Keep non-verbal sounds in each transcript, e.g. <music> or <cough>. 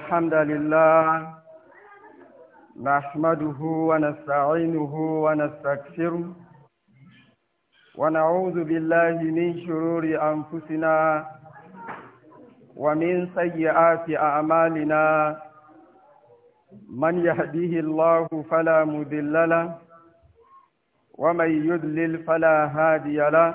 الحمد لله نحمده ونستعينه ونستكثره ونعوذ بالله من شرور أنفسنا ومن سيئات أعمالنا من يهديه الله فلا مذل له ومن يذلل فلا هادي له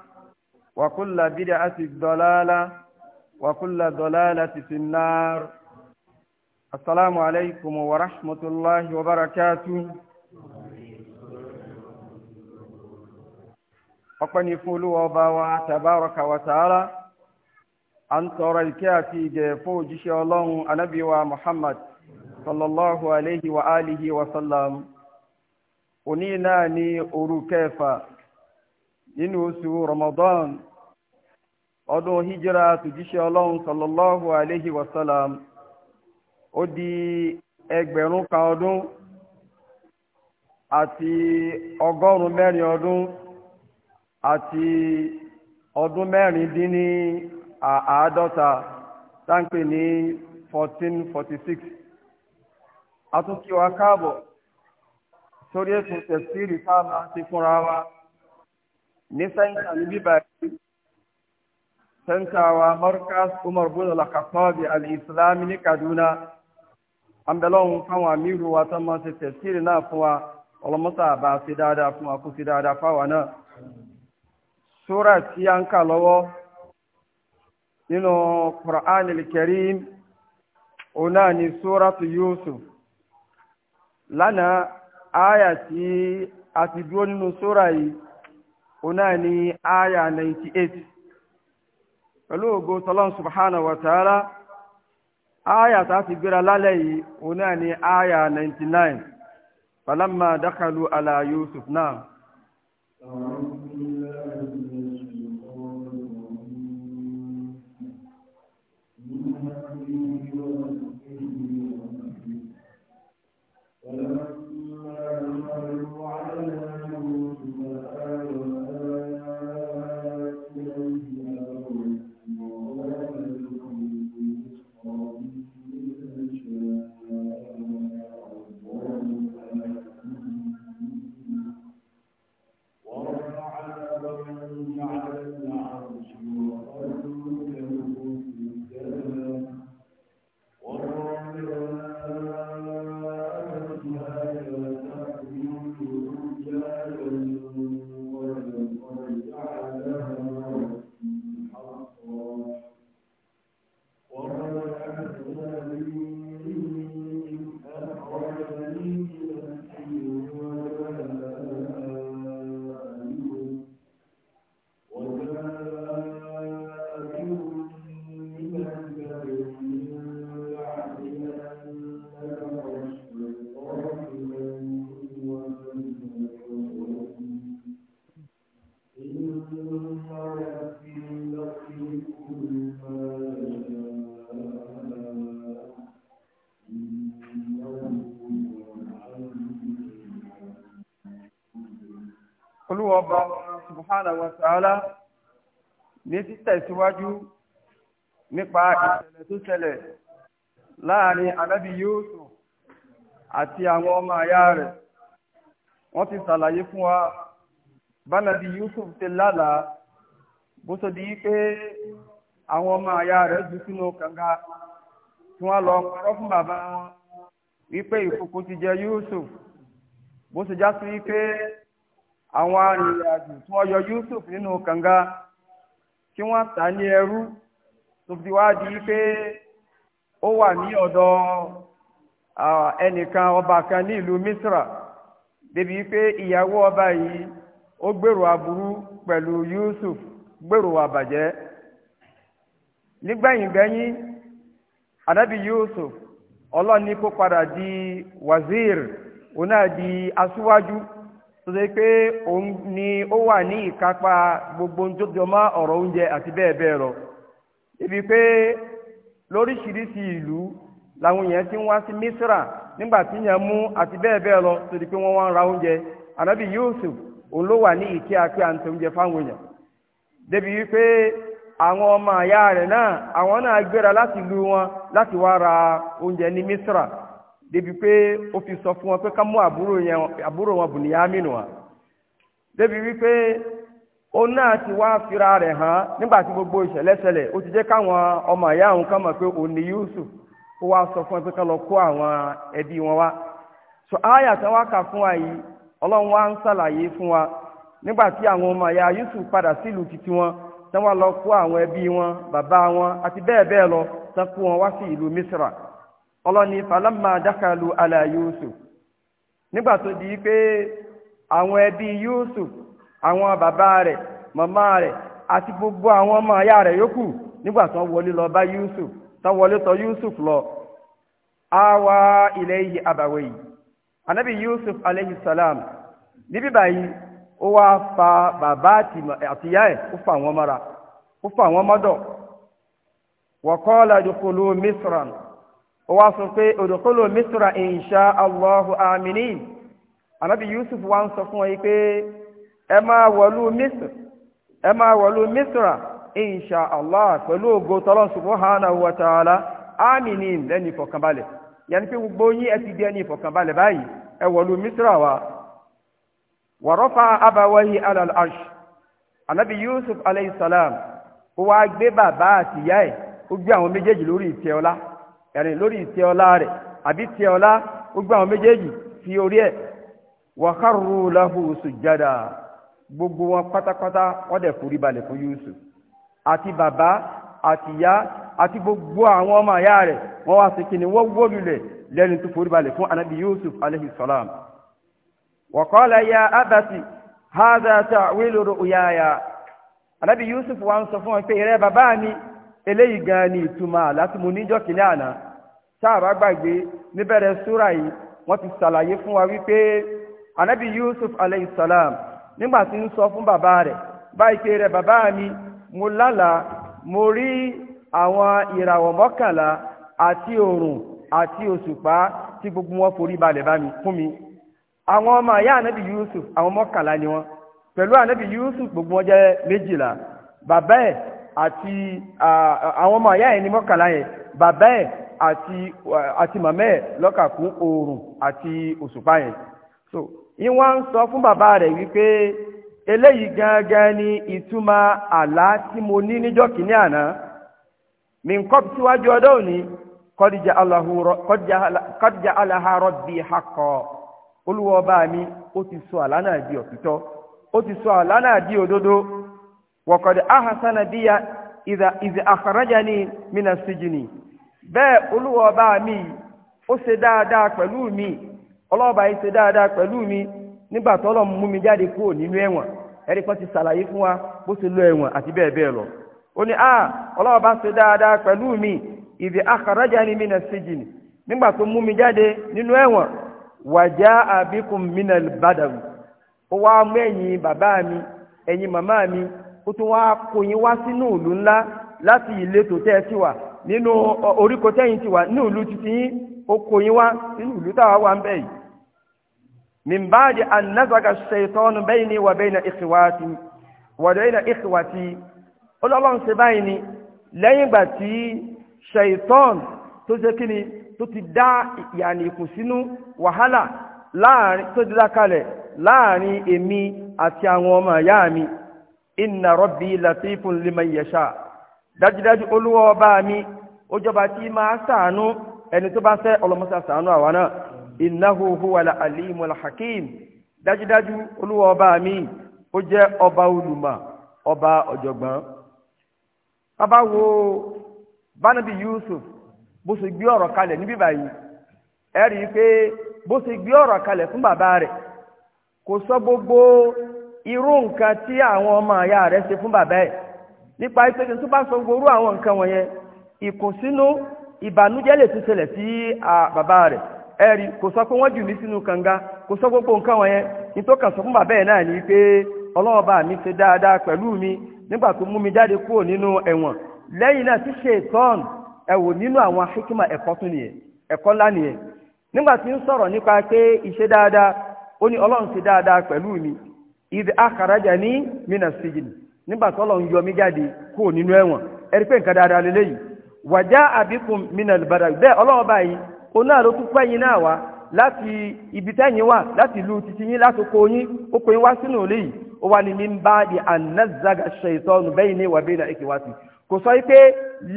وكل بدعة ضلالة وكل ضلالة في النار السلام عليكم ورحمة الله وبركاته ọpẹ́ ni fún olúwa ọba wa tabaraka wa ta'ala à ń tọrọ ìkẹ́ àti ìgẹ̀ fún òjíṣẹ́ ọlọ́run ànábì wa muhammad sallallahu alayhi wa alihi wa sallam òní náà ni òru kẹfà nínú oṣù Ramadan ọdún hijira tòjíṣẹ́ ọlọ́run sallallahu alayhi o di ẹgbẹ̀rún kan ọdún àti ọgọ́rùn mẹ́rin ọdún àti ọdún mẹ́rin dín ní àádọ́ta táǹpè ní fourteen forty six a tún wa káàbọ̀ sórí ètò tẹ̀síìrì ti fúnra ní sẹ́ńtà ní bíbá yìí sẹ́ńtà wa markas umar bin al-khattabi al Islam ni kaduna àmbẹ̀lọ́hun fáwọn àmírù wa tán máa ṣe tẹ̀sírì náà fún wa ọlọ́mọ́sà bá ṣe dáadáa fún wa kó ṣe dáadáa fáwa náà sura tí a ń kà lọ́wọ́ Qur'an al-Karim òun náà ni suratu Yusuf lana áyà tí a ti dúró sura yìí ọ̀nà ní àyà 98 pẹ̀lú ògo tọ́lọ́n subhanahu wa ta'ala àyà tá a ti gbéra lálẹ́ yìí ọ̀nà ní àyà 99 falamma dakhalu ala Yusuf náà. tẹ̀síwájú nípa ìṣẹ̀lẹ̀ tó ṣẹlẹ̀ láàrin anábì àti àwọn ọmọ àyá rẹ̀ wọ́n ti ṣàlàyé fún wa bánabi Yúsúf ti lálàá bó ṣe di pé àwọn ọmọ àyá rẹ̀ jù sínú kànga tí lọ fún bàbá ti jẹ bó tí wọ́n tà ní ẹrú tó fi wá di pé ó wà ní ọ̀dọ̀ ẹnìkan ọba kan ní ìlú Misra débi pé ìyàwó ọba yìí ó gbèrò aburú pẹ̀lú Yusuf gbèrò àbàjẹ́ nígbẹ̀yìngbẹ̀yìn anabi Yusuf ọlọ́ni kó padà di wazir òun náà di aṣíwájú. tó ṣe pé òun ni ó wà ní ìkápá gbogbo ohun tó jọ mọ́ ọ̀rọ̀ oúnjẹ àti lọ ibi pé lóríṣiríṣi ìlú làwọn ti ń wá sí Misra nígbà tí yẹn mú àti bẹ́ẹ̀ lọ tó pé wọ́n wá ra oúnjẹ Yusuf òun ló wà ní ìkí àpé àǹtí oúnjẹ fáwọn èèyàn débi wípé àwọn ọmọ náà àwọn náà gbéra láti lu wọn láti wá ra oúnjẹ débi pé ó fi sọ fún wọn pé ká mú àbúrò yẹn àbúrò wọn bùnìyàmínú wa débi wípé ó náà ti wá fira rẹ hàn nígbà gbogbo ìṣẹ̀lẹ̀ ṣẹlẹ̀ ó ti jẹ́ káwọn ọmọ ìyá òun kàn mọ̀ pé òun ni Yusuf ó wá sọ fún ẹ pé ká lọ kó àwọn ẹbí wọn wá tí wọn kà fún wa yìí wa ń ṣàlàyé fún wa nígbà tí àwọn titi wọn tí wọn lọ kó àwọn ẹbí wọn bàbá wọn àti lọ kó Misra ọlọ́ni falamma dákàlù ala yusuf nígbà tó di pé àwọn ẹbí yusuf àwọn bàbá rẹ̀ màmá rẹ̀ àti gbogbo àwọn ọmọ aya rẹ̀ yòókù nígbà tó wọlé lọ bá yusuf tó wọlé tọ̀ yusuf lọ awa ilayhi abawayi anabi yusuf alayhi salam níbí báyìí ó wá fa bàbá àtìyá ẹ̀ ó fa àwọn mọ́ra ó fa àwọn mọ́dọ̀ wa qala dùkúlù misran ó wá sọ pé òdòkólò misra insha allahu aminin anabi yusuf wá ń sọ fún wọn yìí pé ẹ máa wọlú misra ẹ máa wọlú misra insha allah pẹ̀lú ògo tọ́lọ́ subhanahu wa ta'ala aminin lẹ́nu ìfọ̀kànbalẹ̀ yẹn pé gbogbo yín ẹ ti di ẹni ìfọ̀kànbalẹ̀ báyìí ẹ wọlú misra wa wàrọ́fà abawahi alal anabi yusuf alayhi salam ó wá gbé bàbá àtìyá ẹ̀ ó gbé àwọn méjèèjì lórí ìtẹ́ ẹ̀rìn lórí ìtẹ́ ọlá rẹ̀ àbí tẹ́ ọlá gbogbo àwọn méjèèjì fi orí ẹ̀ lahu sùjádà gbogbo wọn pátápátá wọ́n forí balẹ̀ fún Yusuf àti bàbá àti ya àti gbogbo àwọn ọmọ àyá rẹ̀ wọ́n wá sí kíni wọ́n wó lulẹ̀ lẹ́ni tó forí balẹ̀ anabi Yusuf alayhi salam ya abasi haza anabi Yusuf wa ń sọ fún wọn pé ìrẹ́ eléyìí gan ni ìtumọ̀ àlá tí mo níjọ́ kìíní àná sáàbà gbàgbé níbẹ̀rẹ̀ súrà yìí wọ́n ti ṣàlàyé fún wa wípé anabi yusuf alayhi salam nígbà tí ń sọ fún bàbá rẹ̀ báyìí pé rẹ̀ mi mo lálàá mo rí àwọn ìràwọ̀ mọ́kànlá àti ati àti òṣùpá tí gbogbo wọn forí balẹ̀ bá mi fún mi àwọn ọmọ anabi yusuf àwọn mọ́kànlá ni wọn pẹ̀lú anabi yusuf gbogbo wọn jẹ́ méjìlá bàbá àti àwọn ọmọ àyá ẹni mọ́kànlá yẹn bàbá ẹ̀ àti àti màmá ẹ̀ lọ́kà fún oòrùn àti òṣùpá yẹn so ìwọ́n ń sọ fún bàbá rẹ̀ wípé eléyìí gangan ni ìtumọ̀ àlá tí mo ní níjọ́ kìíní àná mi ń kọ́ síwájú ọdọ́ òní kọ́díjà aláhàárọ̀ bíi hakọ̀ olúwọ́ bá mi ó ti sọ àlá náà di òtítọ́ ó ti sọ àlá náà di òdodo. na ahasana bíya ìdí àkàràjàní mina sijini bẹ́ẹ̀ olúwa ọba mi ó ṣe dáadáa pelu mi ọlọ́ọ̀bá yìí daa daa pelu mi nígbà tó lọ́ọ́ mú mi jáde kúrò n'inu ẹ̀wọ̀n ẹ̀rí kan ti ṣàlàyé fún wa bó ṣe lọ ẹ̀wọ̀n ati bẹ́ẹ̀ bẹ́ẹ̀ lọ. ó ah mi ìdí àkàràjàní mina mi mina bàdàwù ó wá mú ẹ̀yin bàbá mi ẹ̀yin mama mi ó tún wáá kó yín wá sínú ìlú ńlá láti ìletò tẹ́ ẹ ti wà nínú oríko tẹ́yìn ti wà nínú ìlú títí yín ó kó yín wá sínú ìlú táwa wà ń bẹ̀ yìí. min ba'di an nazaga ṣaitanu bayni wa bayna ikhwati wa bayna ikhwati ọlọ́run ṣe báyìí ni lẹ́yìn ìgbà tí ṣaitan tó ṣe kí ni tó ti dá ìyànì ìkùnsínú wàhálà láàrin tó ti dá kalẹ̀ láàrin èmi àti àwọn ọmọ ìyá mi inna rabbi latifun liman yasha dájúdájú olúwa ọba mi ó jọba tí máa ṣàánú ẹni tó bá fẹ́ ọlọmọṣà ṣàánú àwa náà innahu huwa la alimul hakim dájúdájú olúwa ọba mi ó jẹ́ ọba olùmọ̀ ọba ọ̀jọ̀gbọ́n. bàbá wo bánabi yusuf bó ṣe gbé ọ̀rọ̀ kalẹ̀ níbí báyìí ẹ rí i pé bó ṣe gbé ọ̀rọ̀ kalẹ̀ fún bàbá rẹ̀ kò sọ gbogbo irú nǹkan tí àwọn ọmọ àyà rẹ̀ ṣe fún bàbá ẹ̀ nípa ìpèsè tó bá sọ àwọn nǹkan wọ̀nyẹn ìkùnsínú ìbànújẹ́ lè tún ṣẹlẹ̀ sí bàbá rẹ̀ ẹ̀rí kò sọ pé wọ́n jù mí sínú kànga kò gbogbo nǹkan nítorí kan sọ fún bàbá ẹ̀ náà ni pé bá mi ṣe dáadáa pẹ̀lú mi nígbà tó mú mi jáde kúrò nínú ẹ̀wọ̀n lẹ́yìn náà ti ṣe ìtọ́n ẹ̀wò nínú àwọn ẹ̀kọ́ tún nìyẹn ẹ̀kọ́ ńlá nìyẹn nígbà tí ń sọ̀rọ̀ nípa pé ìṣe mi ìdí akàràjà ní mina sijin nígbà ń yọ jáde kúrò nínú ẹ̀wọ̀n ẹ̀rí pé nǹkan dáadáa lélẹ́ yìí wàjá àbíkùn mina lùbàdà bẹ́ẹ̀ ọlọ́wọ́ báyìí náà ló tún pẹ́yìn náà wá láti ibi tẹ́yìn wà láti titi yín láti kó yín ó pè wá sínú yìí ó wà ní di anazaga bẹ́yìn ní èkè wá sí kò sọ pé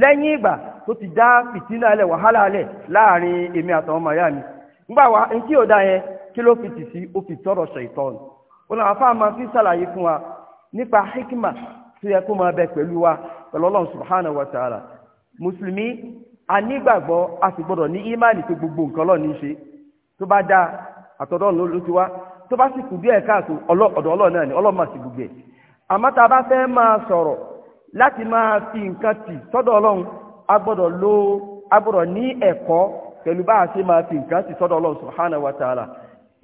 lẹ́yìn ìgbà tó ti dá fìtínà lẹ̀ wàhálà lẹ̀ láàrin èmi àtàwọn màyà mi ó afọ afá máa fi sàlàyé fún wa nípa hikima tí yẹ máa bẹ pẹ̀lú wa pẹ̀lú ọlọ́run subhanahu wa ta'ala mùsùlùmí a sì gbọ́dọ̀ ní gbogbo nǹkan lọ́ọ̀ ní í ṣe tó bá ló ti wá tó bá sì kù bí ẹ̀ka ọ̀dọ̀ gbogbo ẹ̀ àmọ́ tá a bá fẹ́ máa fi nǹkan tì sọ́dọ̀ ọlọ́run a lo a gbọ́dọ̀ ní ẹ̀kọ́ pẹ̀lú bá a fi nǹkan tì sọ́dọ̀ ọlọ́run subhanahu wa ta'ala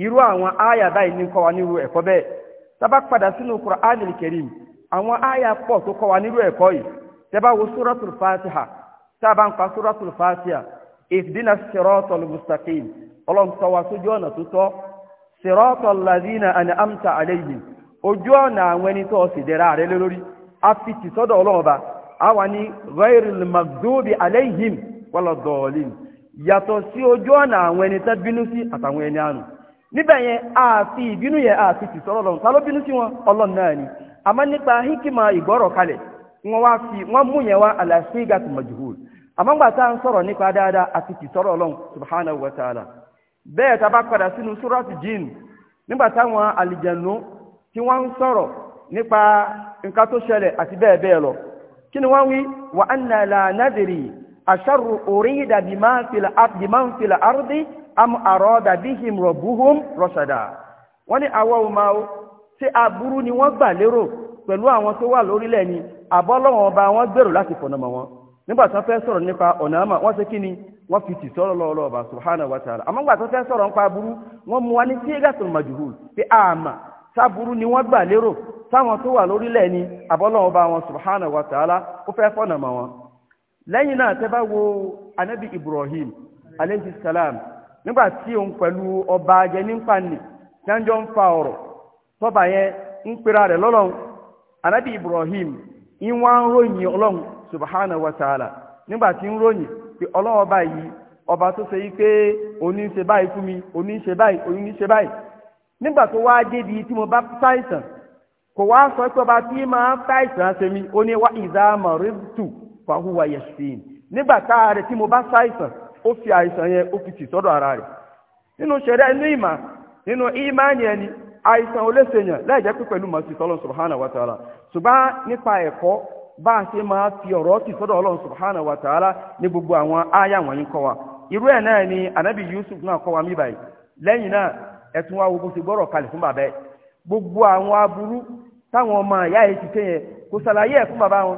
irú àwọn àyà báyìí ní kọ́ wa nírú ẹ̀kọ́ bẹ́ẹ̀ tábà padà sínú Qur'anil Karim àwọn àyà pọ̀ tó kọ́ wa nírú ẹ̀kọ́ yìí tẹ́bá wo suratul Fatiha tábà ń pa suratul Fatiha ihdina siratal mustaqim ọlọ́run tọ́ wa sójú ọ̀nà tó tọ́ siratal ladhina an'amta alayhim ojú ọ̀nà àwọn ẹni tó sì dẹ̀ra rẹ lórí a sọ́dọ̀ ọlọ́run àwọn ẹni níbẹ̀ yẹn àfi ìbínú yẹn àfi ti sọ̀rọ̀ lọ́run ta ló bínú sí wọn ọlọ́run náà ni àmọ́ nípa hikima ìgbọ́rọ̀ kalẹ̀ wọ́n wá fi wọ́n mú yẹn wá àlàáfíà gàtù majhul àmọ́ gbà tá à ń sọ̀rọ̀ nípa dáadáa àti ti sọ̀rọ̀ ọlọ́run subhanahu wa ta'ala bẹ́ẹ̀ tá a bá padà sínú súrọ́ọ̀tì jinn nígbà táwọn àlìjẹ̀nu tí wọ́n ń sọ̀rọ̀ nípa nǹkan tó ṣẹlẹ̀ àti bẹ́ẹ̀ bẹ́ẹ̀ lọ kí ni wọ́n wí wa anna la am àrọ́dà bíhìm rọ̀bùhùm rọ̀ṣàdà wọ́n ní àwọ̀ ọmọ o ṣé aburú ni wọ́n gbà lérò pẹ̀lú àwọn tó wà lórílẹ̀ ni àbọ́lọ́wọ́n ọba wọn gbèrò láti fọ̀nàmọ́ wọn nígbà tó fẹ́ sọ̀rọ̀ nípa ọ̀nà àmà wọ́n ṣe kí ni wọ́n fi tìsọ́rọ̀ lọ́wọ́lọ́ ọba subhanahu wa ta'ala àmọ́ gbà tó fẹ́ sọ̀rọ̀ nípa aburú wọ́n mú wa ní sígàtún majhul pé àmà sáburú ni wọ́n gbà lérò sáwọn tó wà lórílẹ̀ ni àbọ́lọ́wọ́n ọba wọn subhanahu wa ta'ala ó fẹ́ fọ̀nàmọ́ wọn lẹ́yìn náà tẹ́ bá wo anabi ibrahim alayhi salam nígbà tí òun pẹ̀lú ọba ajẹ́ nípa nì jáńjọ́ ń fa ọ̀rọ̀ tọ́ba yẹn ń pera anabi ibrahim ìwọ̀n ń ròyìn ọlọ́run subhanahu wa ta'ala ń ròyìn pé ọlọ́run ọba ọba tó ṣe yìí pé òní ṣe báyìí fún mi òní ṣe báyìí òní ṣe báyìí nígbà tó wá débi tí mo bá kò wá sọ pé ọba tí máa ṣe mi ó ní wá ìdá mọ̀rẹ́tù ó fi àìsàn yẹn ó fi tì sọ́dọ̀ ara rẹ̀ nínú ṣẹ̀rẹ́ inú ìmà nínú ìmáàni ẹni àìsàn ò lè ṣèyàn láì jẹ́ pé pẹ̀lú màsí sọ́lọ́ subhanahu wa ta'ala ṣùgbọ́n nípa ẹ̀kọ́ bá a ṣe máa fi ọ̀rọ̀ tì sọ́dọ̀ ọlọ́run subhanahu wa ta'ala ní gbogbo àwọn ááyà wọ̀nyí kọ́ wa irú ẹ̀ anabi yusuf náà kọ́ wa lẹ́yìn náà ẹ̀tún wa gbogbo gbogbo àwọn aburú táwọn ọmọ ẹ̀ ti ṣe yẹn kò ṣàlàyé ẹ̀ fún bàbá wọn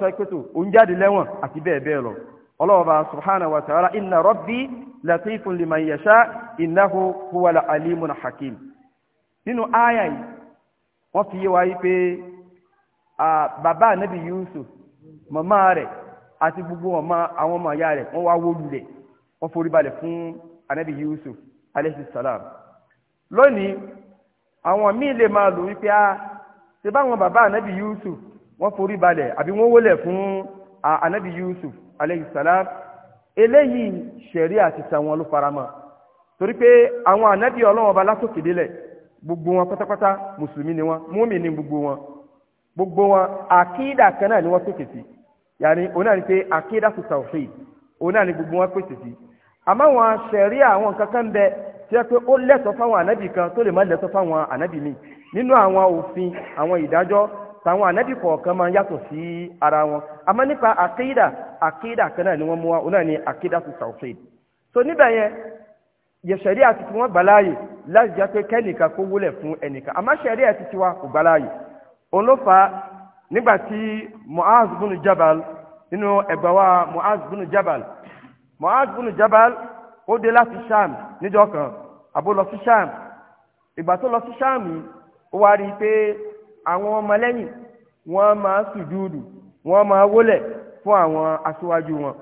sọ òun ọlọ́ọ̀bá subhanahu wa ta'ala inna rabbi latifun liman yasha innahu huwa la alimun hakim nínú àyà yìí wọ́n fi yé wa yìí pé bàbá anabi yusuf màmá rẹ̀ àti gbogbo àwọn ọmọ ìyá rẹ̀ wọ́n wá wó lulẹ̀ wọ́n forí balẹ̀ fún anabi yusuf alayhi salam lónìí àwọn míì lè máa lò wípé a ṣe báwọn bàbá anabi yusuf wọ́n forí balẹ̀ àbí wọ́n wólẹ̀ fún anabi yusuf aleyhisalaam eléyìí ṣẹ̀rí àti tàwọn ló farama. torí pé àwọn anabi ọlọ́wọ́n ọba látòkè délẹ̀ gbogbo wọn pátápátá mùsùlùmí ni wọn múmi ni gbogbo wọn gbogbo wọn àkídà kan náà ni wọ́n tòkè sí yàní òun náà ni pé àkídà tó tawhid òun náà ni gbogbo wọn pèsè sí àmọ́ àwọn ṣẹ̀rí àwọn kankan bẹ tí wọ́n pe ó lẹ́tọ̀ọ́ fáwọn anabi kan tó lè má lẹ́tọ̀ọ́ fáwọn anabi mi nínú àwọn òfin àwọn ìdájọ́ tàwọn ànábì kọ̀ọ̀kan máa yàtọ̀ sí ara wọn àmọ́ nípa àkídà àkídà kan ni wọ́n mú wa òun náà ni àkídà tó tawhid so níbẹ̀ yẹn yẹsẹ̀rí àti tí wọ́n gbàláàyè láti jẹ́ pé kẹ́nìkan kó wúlẹ̀ fún ẹnìkan àmọ́ sẹ̀rí àti tí wa kò gbàláàyè òun ló fà á nígbà tí Mu'az bunu Jabal nínú ẹgbẹ́ wa Mu'az bunu Jabal Mu'az bunu Jabal ó dé láti Sham níjọ́ kan àbó lọ sí Sham ìgbà tó lọ sí Sham yìí ó wá rí pé àwọn ọmọlẹ́yìn wọ́n máa sùjúdù wọ́n máa wólẹ̀ fún àwọn aṣáájú wọn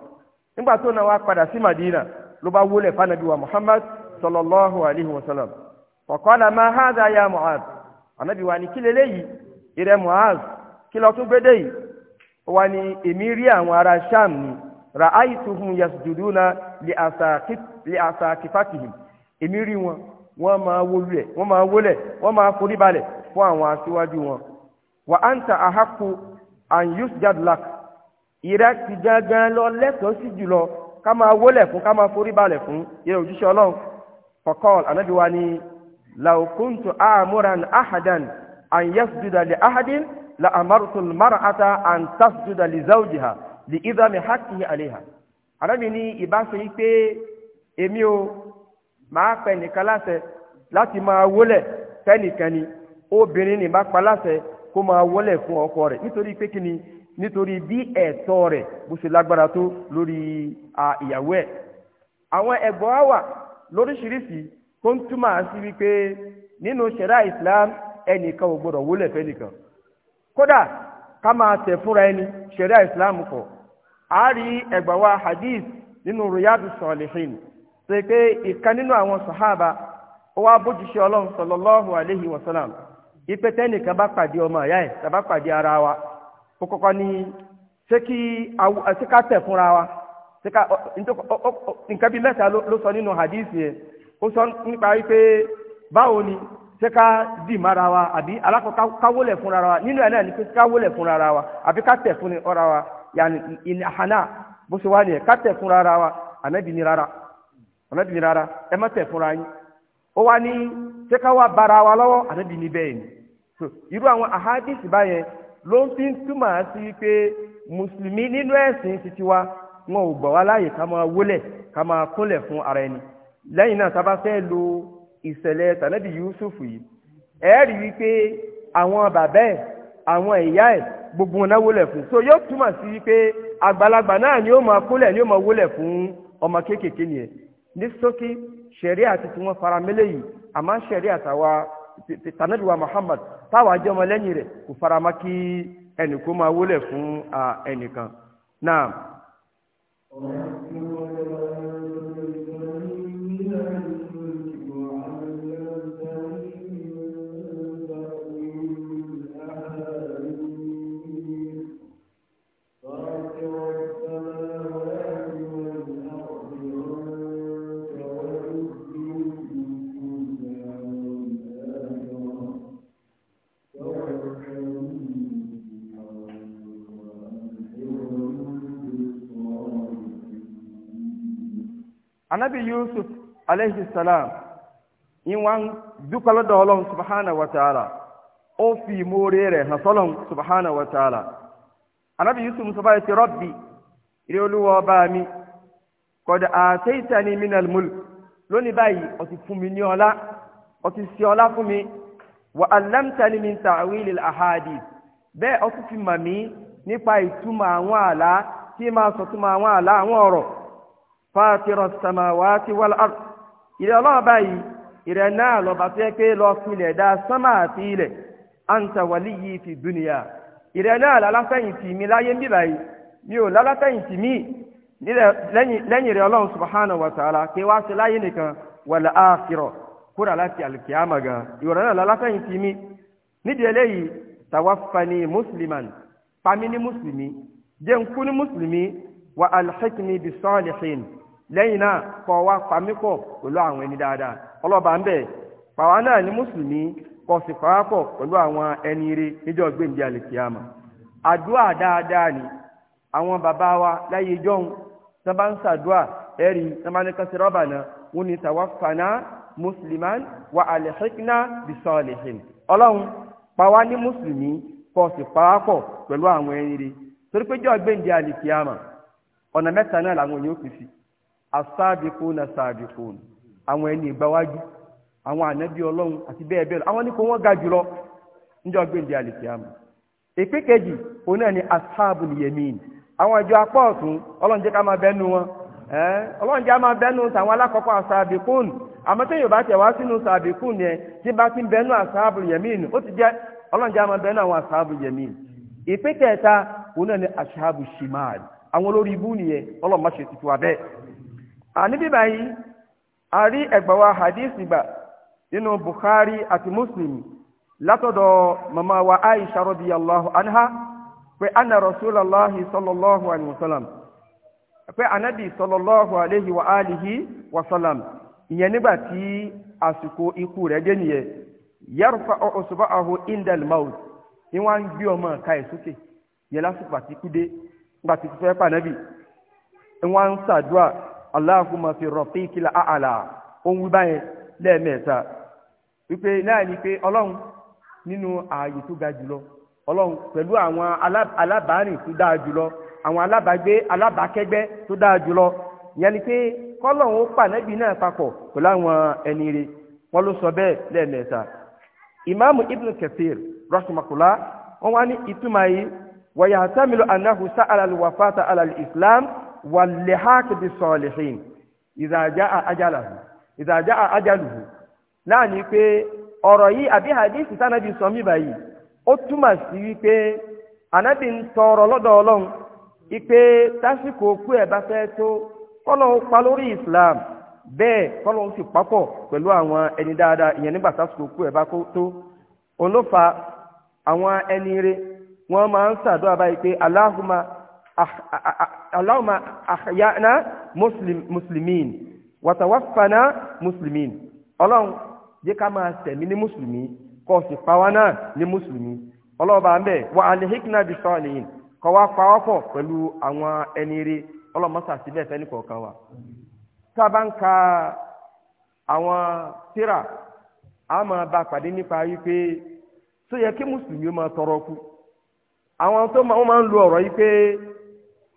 nígbà tó náà wá padà sí Madina ló bá wólẹ̀ wa Muhammad sallallahu alayhi wa sallam faqala ma hadha ya Mu'adh anabi wa ni kí leléyìí ìrẹ Mu'adh kí lọ tún gbédè yìí wa ni èmi rí àwọn ará Sham ni li èmi rí wọn máa wólẹ̀ fún àwọn aṣíwájú wọn wà á ń ta àhákù and use jadlak ìrẹ́ ti gángan lọ lẹ́tọ̀ọ́ sí jùlọ ká máa wólẹ̀ fún ká máa forí balẹ̀ fún ìrẹ́ òjíṣẹ́ ọlọ́run fọkọ́l ànábì wa ni làókùntù àmúran ahadan and yasjuda li ahadin la amartul mar'ata and tasjuda li zawjiha li idami hakihi aleha ànábì ni ìbáṣe yìí pé èmi o máa pẹ̀ nìkan láṣẹ láti máa wólẹ̀ fẹ́nìkan ni obìnrin ní bá paláṣẹ kó máa wọlé fún ọkọ rẹ̀ nítorí pé kí ni nítorí bí ẹ̀tọ́ rẹ̀ bó ṣe lágbára tó lórí ìyàwó ẹ̀. àwọn ẹ̀gbọ́n á wà lóríṣiríṣi tó ń túmọ̀ sí wípé nínú ṣẹ̀dá Islam ẹnìkan ò gbọdọ̀ wọlé fẹ́nìkan. kódà ká máa tẹ̀ fúnra ẹni ṣẹ̀dá Islam kọ̀. a rí ẹ̀gbọ́n wa hadith nínú Riyadu Salihin ṣe pé ìkan nínú àwọn sàhábà ó wá bójúṣe ọlọ́run sallallahu alaihi wasallam ipe tẹ́nìkan bá pàdé ọmọ ìyá ẹ̀ tàbá pàdé ara wa ó kọ́kọ́ ní ṣé ká tẹ̀ fúnra wa nǹkan bíi mẹ́ta ló sọ nínú hadisi ẹ̀ ó sọ nípa wípé báwo ni ṣé ká dì mára wa àbí alákọ̀ọ́ káwólẹ̀ fúnra wa nínú ẹ̀ náà ni pé káwólẹ̀ fúnra wa àbí ká tẹ̀ fúnra wa yàní ìhànà bó ṣe wá nìyẹn ká tẹ̀ fúnra wa ànábì ní rárá ànábì ní rárá ẹ má tẹ̀ fúnra yín ó wá ní ṣé ká wá bára wa lọ́wọ́ bẹ́ẹ̀ ni. Hmm. irú àwọn ahadisi báyẹn ló ń fi ń túmọ̀ sí wípé mùsùlùmí nínú ẹ̀sìn títí wa wọn ò gbà wá láàyè ká máa wólẹ̀ ká máa kúnlẹ̀ fún ara ẹni lẹ́yìn náà tá bá fẹ́ lo ìṣẹ̀lẹ̀ tànàbí Yusuf yìí ẹ rí wípé àwọn bàbá ẹ̀ àwọn ìyá ẹ̀ gbogbo wọn náà wólẹ̀ fún so yóò túmọ̀ sí wípé àgbàlagbà náà ni ó máa kúnlẹ̀ ni ó máa wólẹ̀ fún ọmọ kéékèèké nìyẹn ní sókí ṣẹ̀rí àti tí wọ́n fara mẹ́lẹ̀ yìí àmọ́ ṣẹ̀rí àtàwa tànàbí wa Muhammad táwa jẹ́ lẹ́yìn rẹ̀ kò farama kí ẹnìkó máa wólẹ̀ fún ẹnìkan náà. anabi yusuf alayhi salam ìwọ̀n dúpẹ́ lọ́dọ̀ ọlọ́run subhanahu wa ta'ala ó fi ìmoore rẹ̀ hàn sọ́lọ́run subhanahu wa ta'ala anabi yusuf sọ báyìí ti rabbi ilé olúwa ọba mi kọ̀dà ataitani minal mulk lónìí báyìí ó ti fún mi ní ọlá ó ti ṣe ọlá fún mi wa allamtani min ta'wil al-ahadith bẹ́ẹ̀ ó ti fi mà mí nípa ìtumọ̀ àwọn àlá tí máa sọ̀túnmọ̀ àwọn àlá àwọn ọ̀rọ̀ fàtírọ̀ sàmáwáti wal ard ìrẹ̀ ọlọ́ọ̀bá yìí ìrẹ̀ náà lọ́ba tó yẹ pé lọ́ọ́ filẹ̀ dá sánmà àti ilẹ̀ àǹtà wàlí yìí fi dúnìyà ìrẹ̀ náà lálátẹ̀yìntì mi láyé ń bíbá yìí mi ò lálátẹ̀yìntì mi lẹ́yìn ìrẹ̀ ọlọ́run subhanahu wa ta'ala kí wá sí láyé nìkan wal akhirah kúrò láti àlùkìyàmà gan ìrẹ̀ náà lálátẹ̀yìntì mi nídìí eléyìí tawaffani musliman pami ni muslimi jẹ́ wa alhikmi bisalihin lẹ́yìn náà kọ́ wa pamípọ̀ pẹ̀lú àwọn ẹni dáadáa ọlọ́ba ń bẹ̀ pàwa náà ní mùsùlùmí sì pẹ̀lú àwọn ẹni rere níjọ́ gbèǹdé àlèkìyàmà àdúrà dáadáa ni àwọn bàbá wa láyé jọ́hun tí wọ́n bá ń ṣàdúrà ẹ̀rí tí musliman wa alhiqna bisalihin ọlọ́run pàwa ní mùsùlùmí sì àwọn ẹni torí pé jọ́ gbèǹdé ọ̀nà mẹ́ta náà asadiquna sadiqun awon eni ìgbáwájú àwọn ànábì ọlọ́run àti bẹ́ẹ̀ bẹ́ẹ̀ awon àwọn ní kò ga ni ashabul yamin àwọn ìjọ apá ọ̀tún ọlọ́run jẹ́ ká máa benu wọn ọlọ́run jẹ́ ká máa bẹ́nu tàwọn alákọ̀ọ́kọ́ asabiqun àmọ́ tí yorùbá tẹ̀ wá ashabul yamin ni shimal àníbí báyìí a rí ẹgbàwa hadith gbà nínú Bukhari àti Muslim látọ̀dọ̀ mama wa Aisha radiyallahu anha pé anna rasulallahi sallallahu alayhi wa sallam pé anabi sallallahu alayhi wa alihi wa sallam ìyẹn nígbà tí àsìkò ikú rẹ̀ dé nìyẹn yarfa usba'ahu indal maut ni wọ́n ń gbé ọmọ ẹ̀ka ẹ̀ sókè yẹn lásìkò àti kúdé nígbà tí fẹ́ pànẹ́bì ni wọ́n ń ṣàdúrà Allahumma fi rafiqil a'la ohun wí báyẹn lẹ́ẹ̀mẹ́ta wípé náà ni pe ọlọ́run nínú ààyè tó ga jùlọ ọlọ́run pẹ̀lú àwọn alábàárìn tó dáa jùlọ àwọn alábàágbé alábàákẹ́gbẹ́ tó dáa jùlọ ìyẹn ni pé kọ́lọ́run ó pànẹ́bí náà papọ̀ pẹ̀lú àwọn ẹni rẹ̀ wọ́n ló sọ bẹ́ẹ̀ lẹ́ẹ̀mẹ́ta ìmáàmù ibn kathir rahmakula wọ́n wá ní ìtumọ̀ yìí wọ̀yà samilu anahu sa'ala alwafata ala islam al wàlẹ́hàkì bí sọ̀lẹ̀hìn ìzàjá àjálàhù ìzàjá àjálùhù náà ni pé ọ̀rọ̀ yìí àbí hadith sanabi sọ mí báyìí ó túmọ̀ sí anabi ń tọrọ lọ́dọ̀ ọlọ́run ipe tásìkò òkú ẹ̀ bá fẹ́ tó kọ́lọ́ ń islam bee kọ́lọ́ ń sì papọ̀ pẹ̀lú àwọn ẹni dáadáa ìyẹn nígbà tásìkò to ẹ̀ bá tó òun ló fa àwọn ẹni اللهم أحيانا مسلم مسلمين وتوفنا مسلمين ọlọ́run jẹ́ ká máa tẹ̀mí ní mùsùlùmí kọ́ sì pa wá náà ní mùsùlùmí ọlọ́ọ̀bà ń bẹ̀ wà alihikna bi sọ́ọ̀lìyìn kọ́ wá pa wá pọ̀ pẹ̀lú àwọn ẹni rí ọlọ́mọ́sà síbẹ̀ ka àwọn tíra a máa bá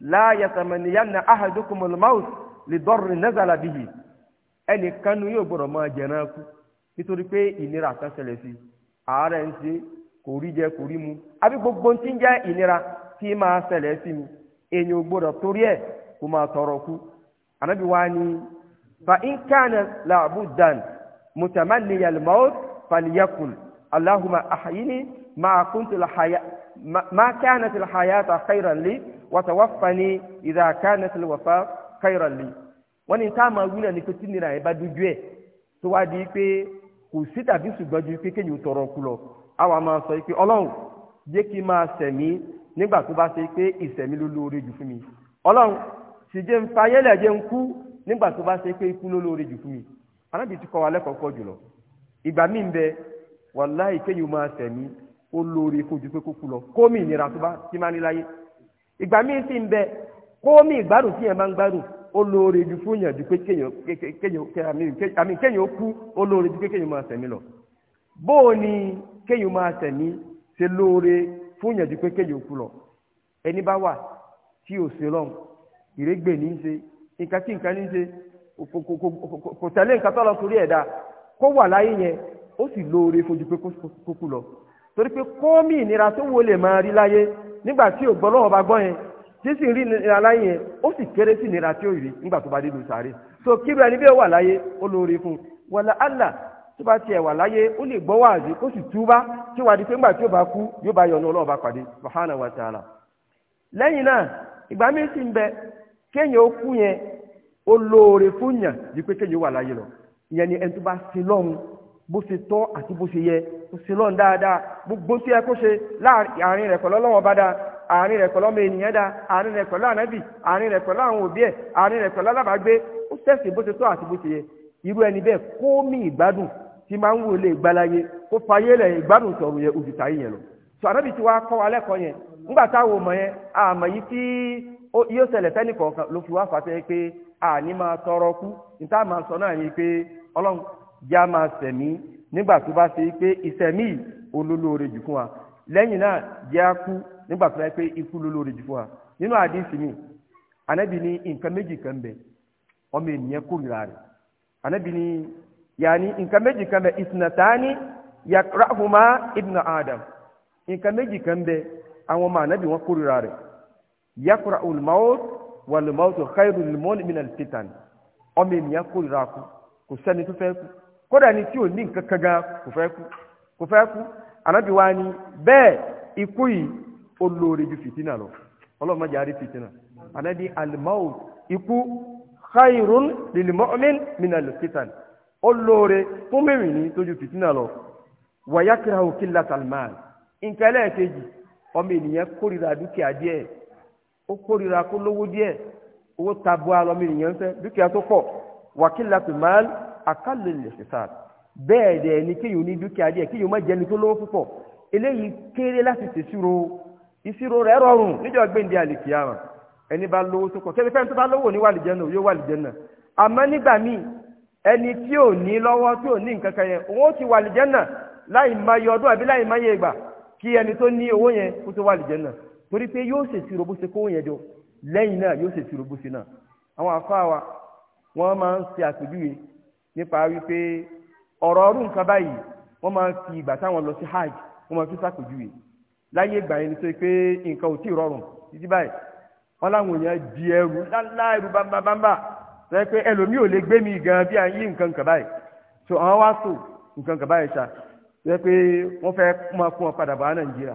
la yatamanniyanna ahadukumul maut li darrin nazala bihi ẹnìkan nu yóò gbọ́dọ̀ máa jẹran kú nítorí pé ìnira kan ṣẹlẹ̀ sí ààrẹ ń ṣe kò rí jẹ kò rí mu àbí gbogbo ti ń jẹ́ ìnira tí máa ṣẹlẹ̀ sí mi èèyàn ò gbọ́dọ̀ torí ẹ̀ kó máa tọrọ kú ànábi wa ni fa in kana la'budan mutamanniya al-maut ما كنت الحياة ما كانت الحياة خيرا لي وتوفني إذا كانت الوفاة خيرا لي wọ́n ní táwọn máa wúlò ní pé tí nira yẹn bá dojú ẹ̀ tó wá di pé kò sí tàbí ṣùgbọ́n ju pé kéèyàn tọrọ kú lọ àwa máa sọ pé ọlọ́run jẹ́ kí n máa sẹ̀mí nígbà tó bá ṣe pé ìsẹ̀mí ló lóore jù fún mi ọlọ́run sì jẹ́ ń fa ayẹ́lẹ̀ jẹ́ ń kú nígbà tó bá ṣe pé ikú ló lóore jù fún mi alábìtí kọ́ wa lẹ́kọ̀ọ́ jùlọ ìgbà míì ń bẹ wàláì kéèyàn máa sẹ̀mí ó lóore kó ju pé lọ kómi ìnira tó bá ti máa ní láyé ìgbà míì sì ń bẹ kómi ìgbádùn tí yẹn máa ń gbádùn ju fún yàn ju pé kéèyàn ó kú ju pé kéèyàn máa sẹ̀mí lọ bóò ni kéèyàn máa sẹ̀mí ṣe lóore fún yàn ju pé kéèyàn ó kú lọ ẹni bá wà tí ò ṣe lọ́n ìrégbè ní ṣe nǹkan tí nǹkan ní ṣe kò tẹ̀lé nǹkan tó lọ lọ torí pé kọ́mì ìnira tó wo lè máa rí láyé nígbà tí ògbọ́n lọ́wọ́ bá gbọ́ yẹn tí sì ń rí ìnira láyé yẹn ó sì kéré sí ìnira tí ó rí nígbà tó bá dé lu sáré so kíbi ẹni bí ó wà láyé ó lóore fún un wàlá àlà tó bá tiẹ̀ wà láyé ó lè gbọ́ wáàzí ó sì túbá tí wàá di pé ńgbà tí ó bá kú yóò bá yọ̀nà ọlọ́wọ́ bá pàdé subhanahu wa ta'ala lẹ́yìn náà ìgbà míì sì ń bẹ kéèyàn ó kú yẹn ó ni ẹni tó bó ṣe tọ́ àti bó ṣe yẹ kó ṣe lọ́n dáadáa gbogbo tí ẹ kó ṣe láàrin rẹ̀ pẹ̀lú ọlọ́wọ́n bá dáa àárín rẹ̀ pẹ̀lú ọmọ ènìyàn dáa àárín rẹ̀ pẹ̀lú ànábì àárín rẹ̀ pẹ̀lú àwọn òbí ẹ̀ àárín rẹ̀ pẹ̀lú alábàágbé ó bó ṣe tọ́ àti bó ṣe yẹ irú ẹni bẹ́ẹ̀ kó ìgbádùn tí máa ń fi wá fàṣẹ já máa sẹ̀mí nígbà tó bá ṣe pé ìsẹ̀mí olólóore jù fún wa lẹ́yìn náà jẹ́ á kú nígbà tó bá pé ikú olólóore jù fún wa nínú àdìsí mi ànábì ní nǹkan méjì kan bẹ ọmọ ènìyàn kórìíra rẹ̀ ànábì ní yàní nǹkan méjì kan bẹ ìsìnàtàní yakrahuma ibnu adam nǹkan méjì kan bẹ àwọn ọmọ ànábì wọn kórìíra rẹ̀ yakrahul maut wal mautu khairul mu'min min al-fitan ọmọ ènìyàn kórìíra kú kò sẹ́ni tó fẹ́ kódà ni tí ò ní nǹkan kan gan kò fẹ́ kú kò fẹ́ kú ànábì wa ni bẹ́ẹ̀ ikú yìí ó lóore ju fìtínà lọ ọlọ́run má jẹ́ àárí fìtínà ànábì alimawo ikú khairun lilmu'min minal fitan ó lóore fún mímì ní tójú fìtínà lọ wàyákìrà òkè látàlmán nǹkan ẹlẹ́ẹ̀kejì ọmọ ènìyàn kórìíra dúkìá díẹ̀ ó kórìíra kó lówó díẹ̀ owó tabua lọmọ ènìyàn ń fẹ́ dúkìá tó pọ̀ wàkìlá tó máa àkàlẹ̀ lẹ́sẹ̀sán bẹ́ẹ̀ dẹ̀ ni kéèyàn ní dúkìá díẹ̀ kéèyàn má jẹni tó lówó púpọ̀ eléyìí kéré láti ṣèṣirò ìṣirò rẹ̀ rọrùn níjọ́ gbẹ̀ǹdẹ̀ àlìkìyàmà ẹni bá lówó tó pọ̀ kẹ́mi fẹ́ni tó bá lówó ní wàlìjẹ́ náà yóò wàlìjẹ́ náà àmọ́ nígbà míì ẹni tí ò ní lọ́wọ́ tí ò ní nǹkan kan yẹn òun ó ti wàlìjẹ́ náà láì máa yọ ọdún àbí láì máa yẹ ìgbà kí ẹni tó ní owó yẹn kó tó wàlìjẹ́ náà torí pé yóò ṣèṣirò bó ṣe kówó yẹn jọ lẹ́yìn náà yóò ṣèṣirò bó ṣe náà àwọn àfáà wa wọ́n máa ń ṣe àpèjúwe nípa wípé ọ̀rọ̀ ọdún nǹkan báyìí wọ́n máa ń fi ìgbà táwọn lọ sí hajj wọ́n máa fi sàkójúwe láyé ìgbà yẹn ni tó pé nǹkan ò tí ì rọrùn títí báyìí wọ́n láwọn èèyàn di ẹrù ńláńlá ẹrù bámbámbá sọ pé ẹlòmíì ò lè gbé mi gan bí à nǹkan nǹkan báyìí so àwọn wá sò nǹkan nǹkan báyìí ṣá sọ pé wọ́n fẹ́ máa kún wọn padà bá nàìjíríà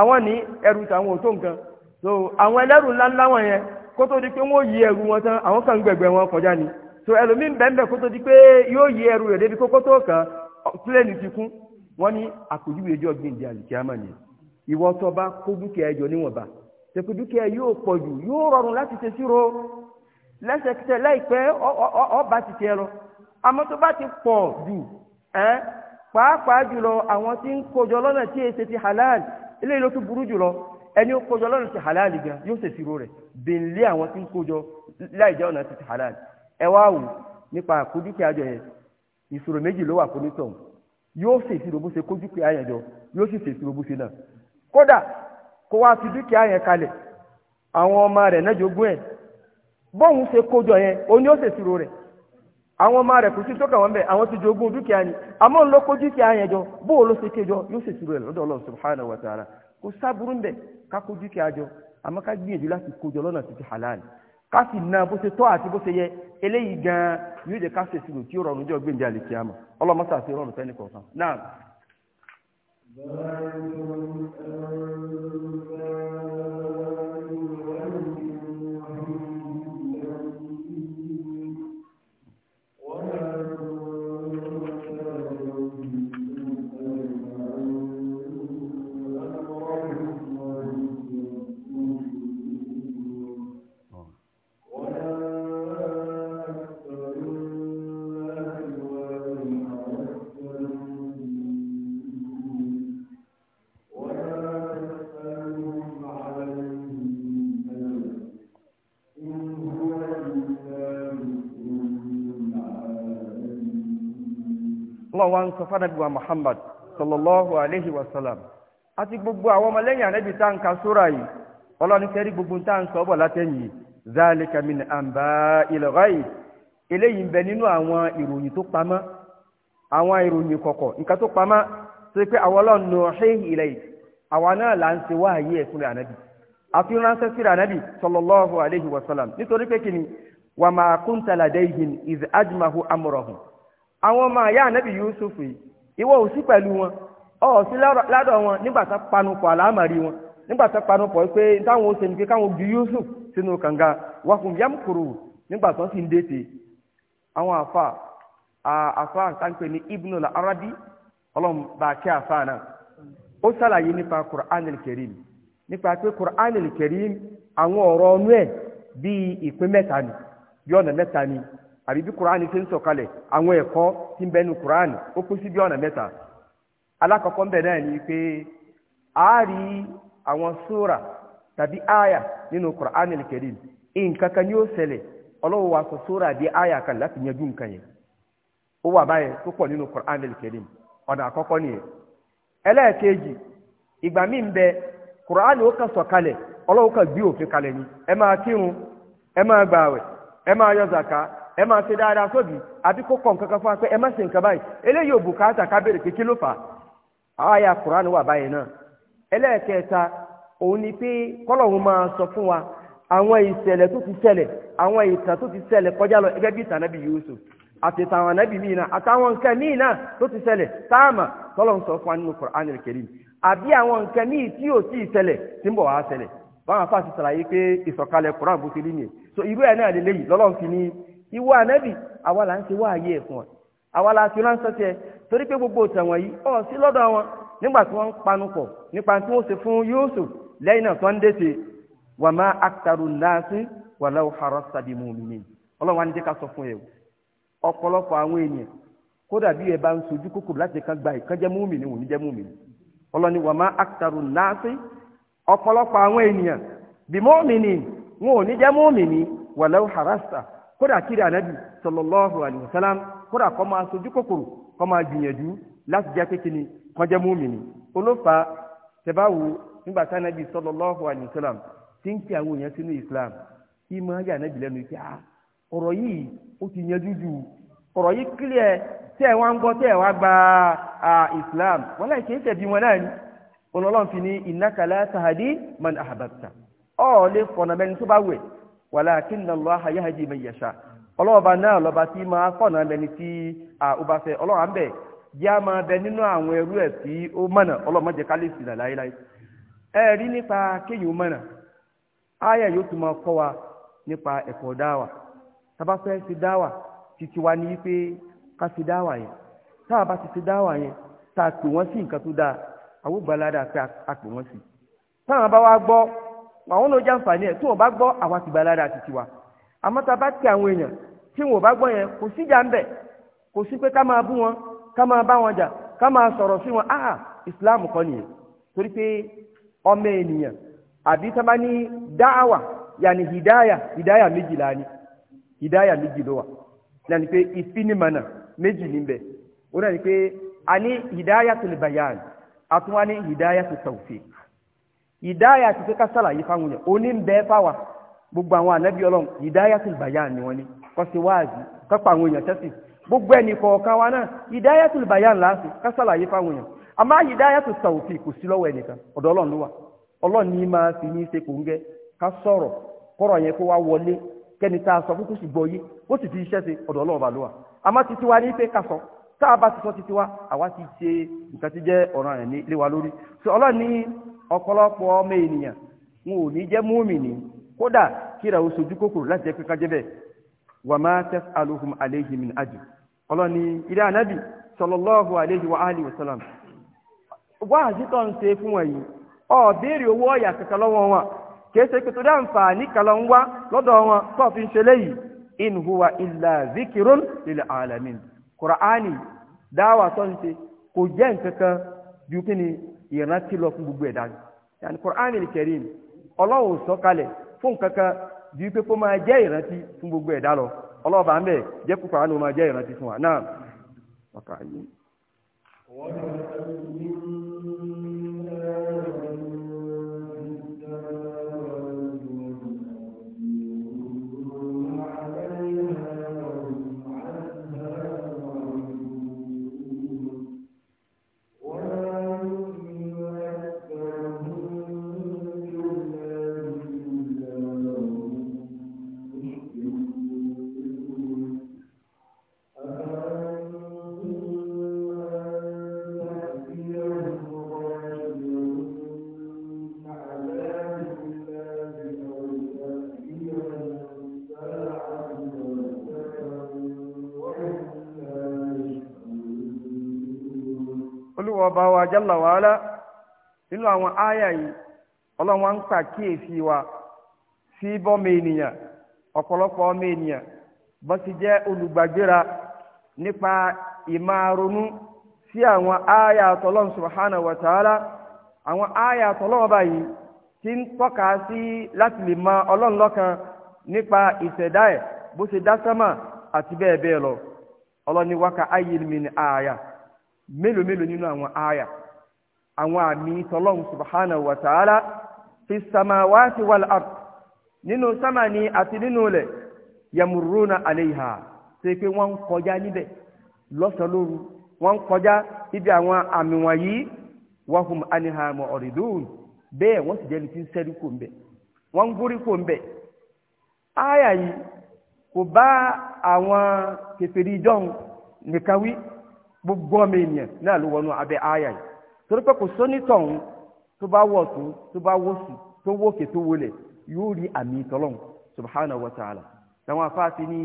àwọn ní ẹrù tàwọn ò tó nǹkan so àwọn ẹlẹ́rù ńláńlá wọn yẹn kó tó di pé wọ́n yí ẹrù wọn tán àwọn kan gbẹ̀gbẹ̀ wọn kọjá ni so ẹlòmíín bẹ́ẹ̀ kó tó di pé yóò yẹ ẹrù rẹ̀ débi kókó tó kàn pílẹ̀nì ti kún wọ́n ní àpèjúwe ẹjọ́ gbìndé àlìkíámà ni ìwọ tó bá kó dúkìá ẹjọ níwọ̀nba tẹ̀kù dúkìá yóò pọ̀ jù yóò rọrùn láti ṣe síro lẹ́sẹ̀kẹsẹ̀ láìpẹ́ ọba ti tiẹ̀ lọ àmọ́ tó bá ti pọ̀ jù ẹ́ pàápàá jùlọ àwọn tí ń kojọ lọ́nà tí èsè ti halal eléyìí ló tún burú jùlọ ẹni ó kojọ lọ́nà ti halal gan yóò ṣe síro rẹ̀ bèèlé àwọn tí ń kojọ láìjẹ́ ọ̀nà ti halal ẹ wá wò nípa àkójúpé àjọ yẹn ìṣòro méjì ló wà fún nítọ̀hún yóò ṣe se bó ṣe kójúpé àyàn jọ yóò sì ṣe ìṣirò bó ṣe náà kódà kó wá fi dúkìá yẹn kalẹ̀ àwọn ọmọ rẹ̀ náà jogún ẹ̀ bóun ṣe kójọ yẹn òun ni ó ṣe ìṣirò rẹ̀ àwọn ọmọ rẹ̀ kò sí tókà wọn bẹ̀ àwọn ti jogún dúkìá ni àmọ́ jọ bóun ló ṣe kéjọ yóò ṣe rẹ̀ lọ́dọ̀ Ọlọ́run subhanahu wa ta'ala kò sábúrú ń bẹ̀ ká àmọ́ ká gbìyànjú láti kójọ lọ́nà títí halal ká n'a ná bó ṣe tọ́ àti bó ṣe yẹ eléyìí gan yóò jẹ́ ká ṣe ìṣirò tí ó rọrùn jọ gbé ìjà lè kí a mọ̀ ọlọ́mọ sàṣe rọrùn fẹ́ni kọ̀ọ̀kan náà. wa ń sọ fánàbí wa Muhammad sallallahu alayhi wa sallam àti gbogbo àwọn ọmọlẹ́yìn ànábì tá ń ka sóra yìí ọlọ́nikẹ́rí gbogbo tá ń sọ bọ̀ látẹ̀yìn zalika min anba ilghaib eléyìí ń bẹ nínú àwọn ìròyìn tó pamọ́ àwọn ìròyìn kọ̀kọ̀ nǹkan tó pamọ́ tó pé àwọn ọlọ́run nù ṣéyìn ilẹ̀ yìí àwa náà là ń ṣe wá ayé ẹ̀ fúnra ànábì àfi ránṣẹ́ síra ànábì sallallahu alayhi wa sallam nítorí pé kí ni wa ma kunta ladayhim iz àwọn ọmọ ya ànábì Yusuf yìí ìwọ ò sí pẹ̀lú wọn ọ sí ládọ̀ wọn nígbà tá panupọ̀ àlámàrí wọn nígbà tá panupọ̀ pé táwọn oṣù nìkan káwọn ju Yusuf sínú kànga wàhùn yamkuru nígbà tó sì ń dètè àwọn àfa àfa àtàǹpẹ ní Ibnul aradi ọlọ́run bá kí àfa náà ó ṣàlàyé nípa Qur'anil nípa pé àwọn ọ̀rọ̀ ọ̀nú ẹ̀ bíi ìpín mẹ́ta ni bí ọ̀nà mẹ́ta àbí bí kuraani ti ń sọ̀kalẹ̀ àwọn ẹ̀kọ́ tí ń bẹnu kuraani ó kú sí bí ọ̀nà mẹ́ta alákọ̀ọ́kọ́ ń bẹ̀ náà ni pé a rí àwọn tàbí aya nínú kuraani kẹrin nǹkan kan n'i ṣẹlẹ̀ ọlọ́wọ́ wa sọ di aya kan láti yanjú nǹkan yẹn ó wà báyẹn tó pọ̀ nínú kuraani kẹrin ọ̀nà àkọ́kọ́ nìyẹn ẹlẹ́ẹ̀kejì ìgbà míì ń bẹ kuraani ó kàn sọ̀kalẹ̀ ọlọ́wọ́ gbé òfin kalẹ̀ ni ẹ máa kírun ẹ máa gbààwẹ̀ ẹ máa yọ ẹ máa ṣe dáadáa sóbì àbí kó kọ̀ nǹkan kan fún wa pé ẹ má ṣe nǹkan báyìí eléyìí ò bùkátà ká béèrè pé kí ló fà á àyà wà báyìí náà ẹlẹ́ẹ̀kẹta òun ni pé kọ́lọ́hún máa sọ fún wa àwọn ìṣẹ̀lẹ̀ tó ti ṣẹlẹ̀ àwọn ìtàn tó ti ṣẹlẹ̀ kọjá lọ gẹ́gẹ́ bí ìtàn Ànábì míì náà àtàwọn nǹkan míì náà tó ti ṣẹlẹ̀ táàmà tọ́lọ́hún sọ fún wa nínú Qur'an al-Karim àbí àwọn ti nìyẹn so irú ìwọ ànábì àwa là ń ṣe wá ayé ẹ̀fún ọ àwa la fi ránṣẹ́ tiẹ̀ torí pé gbogbo otu wọ̀nyí ọ̀ sí si wọn nígbà tí wọ́n panu pọ̀ nípa tí wọ́n ṣe fún Yusuf lẹ́yìn náà tó ń wà má aktaru nasi walau harasta bi mu'minin ọlọ́run wa ní jẹ́ ká sọ fún ẹ ọ̀pọ̀lọpọ̀ àwọn ènìyàn kódà bí ẹ bá ń sojú láti kan gba ni kódà kiri anabi sallallahu alaihi wa sallam kódà kó máa sojú kòkòrò kó máa gbìyànjú láti jẹ́ kékeré múmìnì olófa tẹ́báwo nígbà anabi sallallahu alaihi wa sallam ti ń kí àwọn èèyàn sínú islam kí máa yà anabi lẹ́nu a ah, ọ̀rọ̀ yìí ó ti yanjú ju ọ̀rọ̀ yìí kílẹ̀ tẹ́ ẹ̀ wá ń gbọ́ tẹ́ ẹ̀ wá gba islam láì tẹ̀bi wọn náà ni fi ní la man lè fọ̀nà walakinna Allaha yahdi man yasha ọlọ́ọ̀ba náà lọ́ba tí máa kọ̀nà lẹni tí ó fẹ́ ọlọ́wà ń bẹ̀ bẹ nínú àwọn ẹrú ẹ̀ tí ó mọ̀nà láéláé ẹ rí nípa mọ̀nà yóò tún máa kọ́ wa nípa ẹ̀kọ́ dáwà fẹ́ ti dáwà títí wa ní pé ká ti dáwà yẹn tá a bá ti ti dáwà yẹn tá a pè wọ́n sí àwọn ló jàǹfààní ẹ̀ tí wọ́n bá gbọ́ àwa ti balára àti tiwa àmọ́ a bá ti àwọn èèyàn tí wọ́n bá gbọ́ yẹn kò síjà ń bẹ̀ kò sí pé ká máa bú wọn ká máa bá wọn jà ká máa sọ̀rọ̀ sí wọn áà ah, islam kọ́ nìyẹn torí pé ọmọ ènìyàn àbí tá ní yàní ni hidaya méjì hidaya tó ìdáyà ti kíkà sàlàyé fáwọn yẹn o ń bẹ fáwa gbogbo àwọn ànábì ọlọ́run ìdáyà ti bàyà ni wọ́n ní kọ́sí wáàzì kápá àwọn èèyàn gbogbo ẹnì kọ̀ọ̀kan wa náà ìdáyà ti bàyà ńlá sí ká fáwọn ti kò sí ẹnìkan ló wà ní máa fi ní ṣe ká yẹn kó a sọ kókó sì gbọ́ yé ó sì fi iṣẹ́ ṣe sọ titi wa ọ̀pọ̀lọpọ̀ ọmọ ènìyàn wọn ò ní jẹ́ múmìnì kódà kíra o sojú kòkòrò láti jẹ́ kíkájẹ bẹ́ẹ̀ wà má tẹ alùhùn àlejò àjò ọlọni ilé anabi sọlọlọhùn àlejò wa ali wa sàlám wá àṣìtọ́ ń ṣe fún wọn yìí ọ béèrè owó ọ̀yà kankan lọ́wọ́ wọn kì í ṣe pé tó dá nfààní kalọ̀ ń wá lọ́dọ̀ wọn tó fi ń ṣe léyìí in illa zikirun lil alamin kùránì dáwà tó ń ṣe kò jẹ́ nǹkan kan ju kí ni ìrántí lọ fún gbogbo ẹ̀dá yàní Qur'anil Karim Ọlọ́run sọ fún kankan ju pé kó máa jẹ́ ìrántí fún gbogbo ẹ̀dá lọ Ọlọ́run bá ń bẹ̀ jẹ́ kó Qur'an máa jẹ́ ìrántí ta'ala nínú àwọn àyà yìí ọlọ́run wa ń pàkíyèsí wa sí bọ́mọ ènìyàn ọ̀pọ̀lọpọ̀ ọmọ ènìyàn bó ti jẹ́ olùgbàgbéra nípa sí àwọn àyà wa ta'ala àwọn àyà ti ń tọ́ka sí láti lè mọ ọlọ́run lọ́kan nípa ìṣẹ̀dá ẹ̀ bó ṣe dá sánmà àti bẹ́ẹ̀ lọ àwọn àmì tọlọ́hun subhanahu wa ta'ala fi samawati wal ard nínú sámà ni àti nínú ilẹ̀ yamuruna alayha ṣe pé wọ́n ń kọjá níbẹ̀ lọ́sàn-án lóru wọ́n ń kọjá níbi àwọn àmì wọ̀nyí wa hum anha mu'ridun bẹ́ẹ̀ wọ́n sì jẹ́ ní ti ń sẹ́rí kò ń bẹ̀ wọ́n ń gúrí kò ń bẹ̀ áyà yìí kò bá àwọn kèfèrí jọ́hun nìkan wí gbogbo ọmọ ènìyàn náà ló wọnú abẹ́ áyà yìí torí pé kò sónítọ̀ ọ̀hún tó bá wọ̀ tó tó bá wọ̀ sí tó wòkè tó wọlé yóò rí àmì tọ́lọ́n subhanahu wa ta'ala táwọn afáàfin ní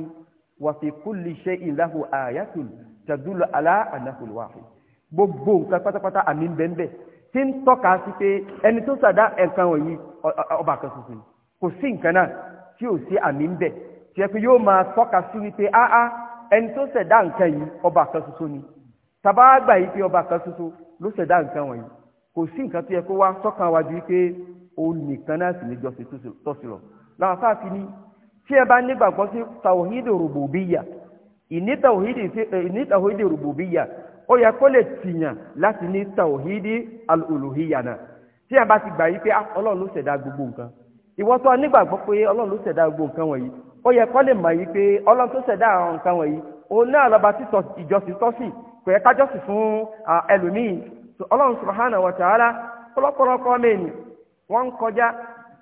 wa fi kulli shay'in lahu ayatun tadullu ala annahu al-wahid gbogbo nǹkan pátápátá àmì bẹ́ẹ̀ tí ń tọ́ka sí pé ẹni tó sàdá ẹ̀kan wọ̀nyí ọba kan tuntun kò sí nǹkan náà tí ò sí àmì ń bẹ̀ tí ẹ pé yóò máa tọ́ka sí wípé ẹni tó sẹ̀dá nǹkan yìí ọba kan tuntun ni tàbá gbà yìí pé ọba kan tuntun ló ṣẹ̀dá nǹkan wọ̀nyí kò sí nǹkan tó yẹ kó wá sọ́kàn wá ju wípé òun nìkan náà sì níjọ sí tọ́sí lọ làwọn afáàfin ni tí ẹ bá nígbàgbọ́ sí tàwọ̀hídì rògbòbíyà ìní tàwọ̀hídì rògbòbíyà ó yẹ kó lè tìyàn láti ní tàwọ̀hídì alòlòhíyà náà tí ẹ bá ti gbà yí pé ah, ọlọ́run ló ṣẹ̀dá gbogbo nǹkan ìwọ tó nígbàgbọ́ pé ọlọ́run ló ṣẹ̀dá gbogbo nǹkan wọ̀nyí ó yẹ kó lè mọ̀ yí pé ọlọ́run tó ṣẹ̀dá àwọn nǹkan wọ̀nyí òun náà lọ́ba títọ́ ìjọsìn tọ́sìn kò yẹ kájọ́sìn fún ẹlòmíì ọlọ́run subhanahu wa ta'ala pọ̀lọpọ̀lọpọ̀ mẹ́ni wọ́n kọjá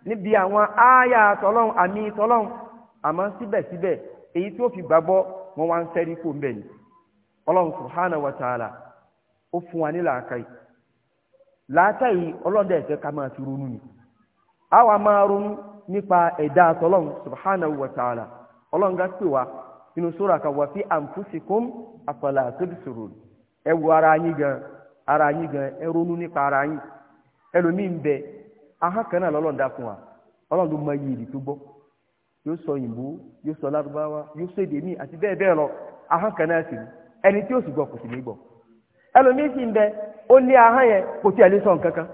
níbi àwọn ááyà tọ́lọ́run àmì tọ́lọ́run àmọ́ síbẹ̀síbẹ̀ èyí fi gbàgbọ́ wọn wá ń sẹ́rí kó mbẹ̀ ni ọlọ́run subhanahu wa ta'ala ó fún wa ní làákàyè làákàyè ọlọ́run dẹ̀ fẹ́ ká máa fi ronú ni àwa inú sóra kan wà fi anfusikum afala tubsirun ẹ wo ara yín gan ara yín gan ara yín ẹlòmíì ń bẹ ahọ́n kan náà lọ́lọ́run fún wa ọlọ́run ló mọ iye èdè tó gbọ́ yóò sọ òyìnbó yóò sọ lárúbáwá yóò sọ èdè míì àti bẹ́ẹ̀ bẹ́ẹ̀ lọ ahọ́n kan náà sì ní ẹni tí yóò sì gbọ́ kò sì ní gbọ́ ẹlòmíì sì ń bẹ ó ní ahọ́n yẹn kò tí ẹ lè sọ nǹkan kan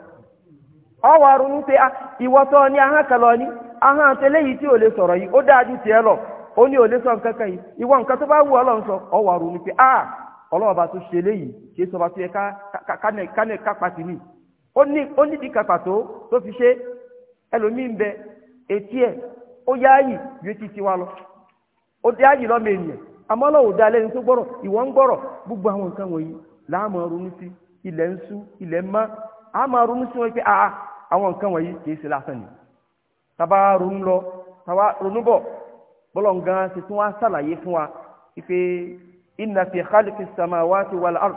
pé ah, ìwọ́tọ́ ahọ́n kan lọ ní ahọ́n lọ ó ní òde sọ nǹkan kan yìí ìwọ nǹkan tó bá wù ọlọ́run sọ a ah, ọlọ́run bá tó ṣe léyìí kì í sọ bá tó yẹ kánẹ̀ kápá sí ó ní ìdí tó fi ṣe ẹlòmíín bẹ etí ẹ ó yáàyì ju etí lọ ó dé ààyè lọ́mọ ènìyàn àmọ́ ọlọ́run dá tó gbọ́rọ̀ ìwọ ń gbọ́rọ̀ gbogbo àwọn nǹkan wọ̀nyí láàmú ilẹ̀ bọ́lọ̀n gan ṣe tún wá ṣàlàyé fún wa ife inna fi khalqi samawati wal ard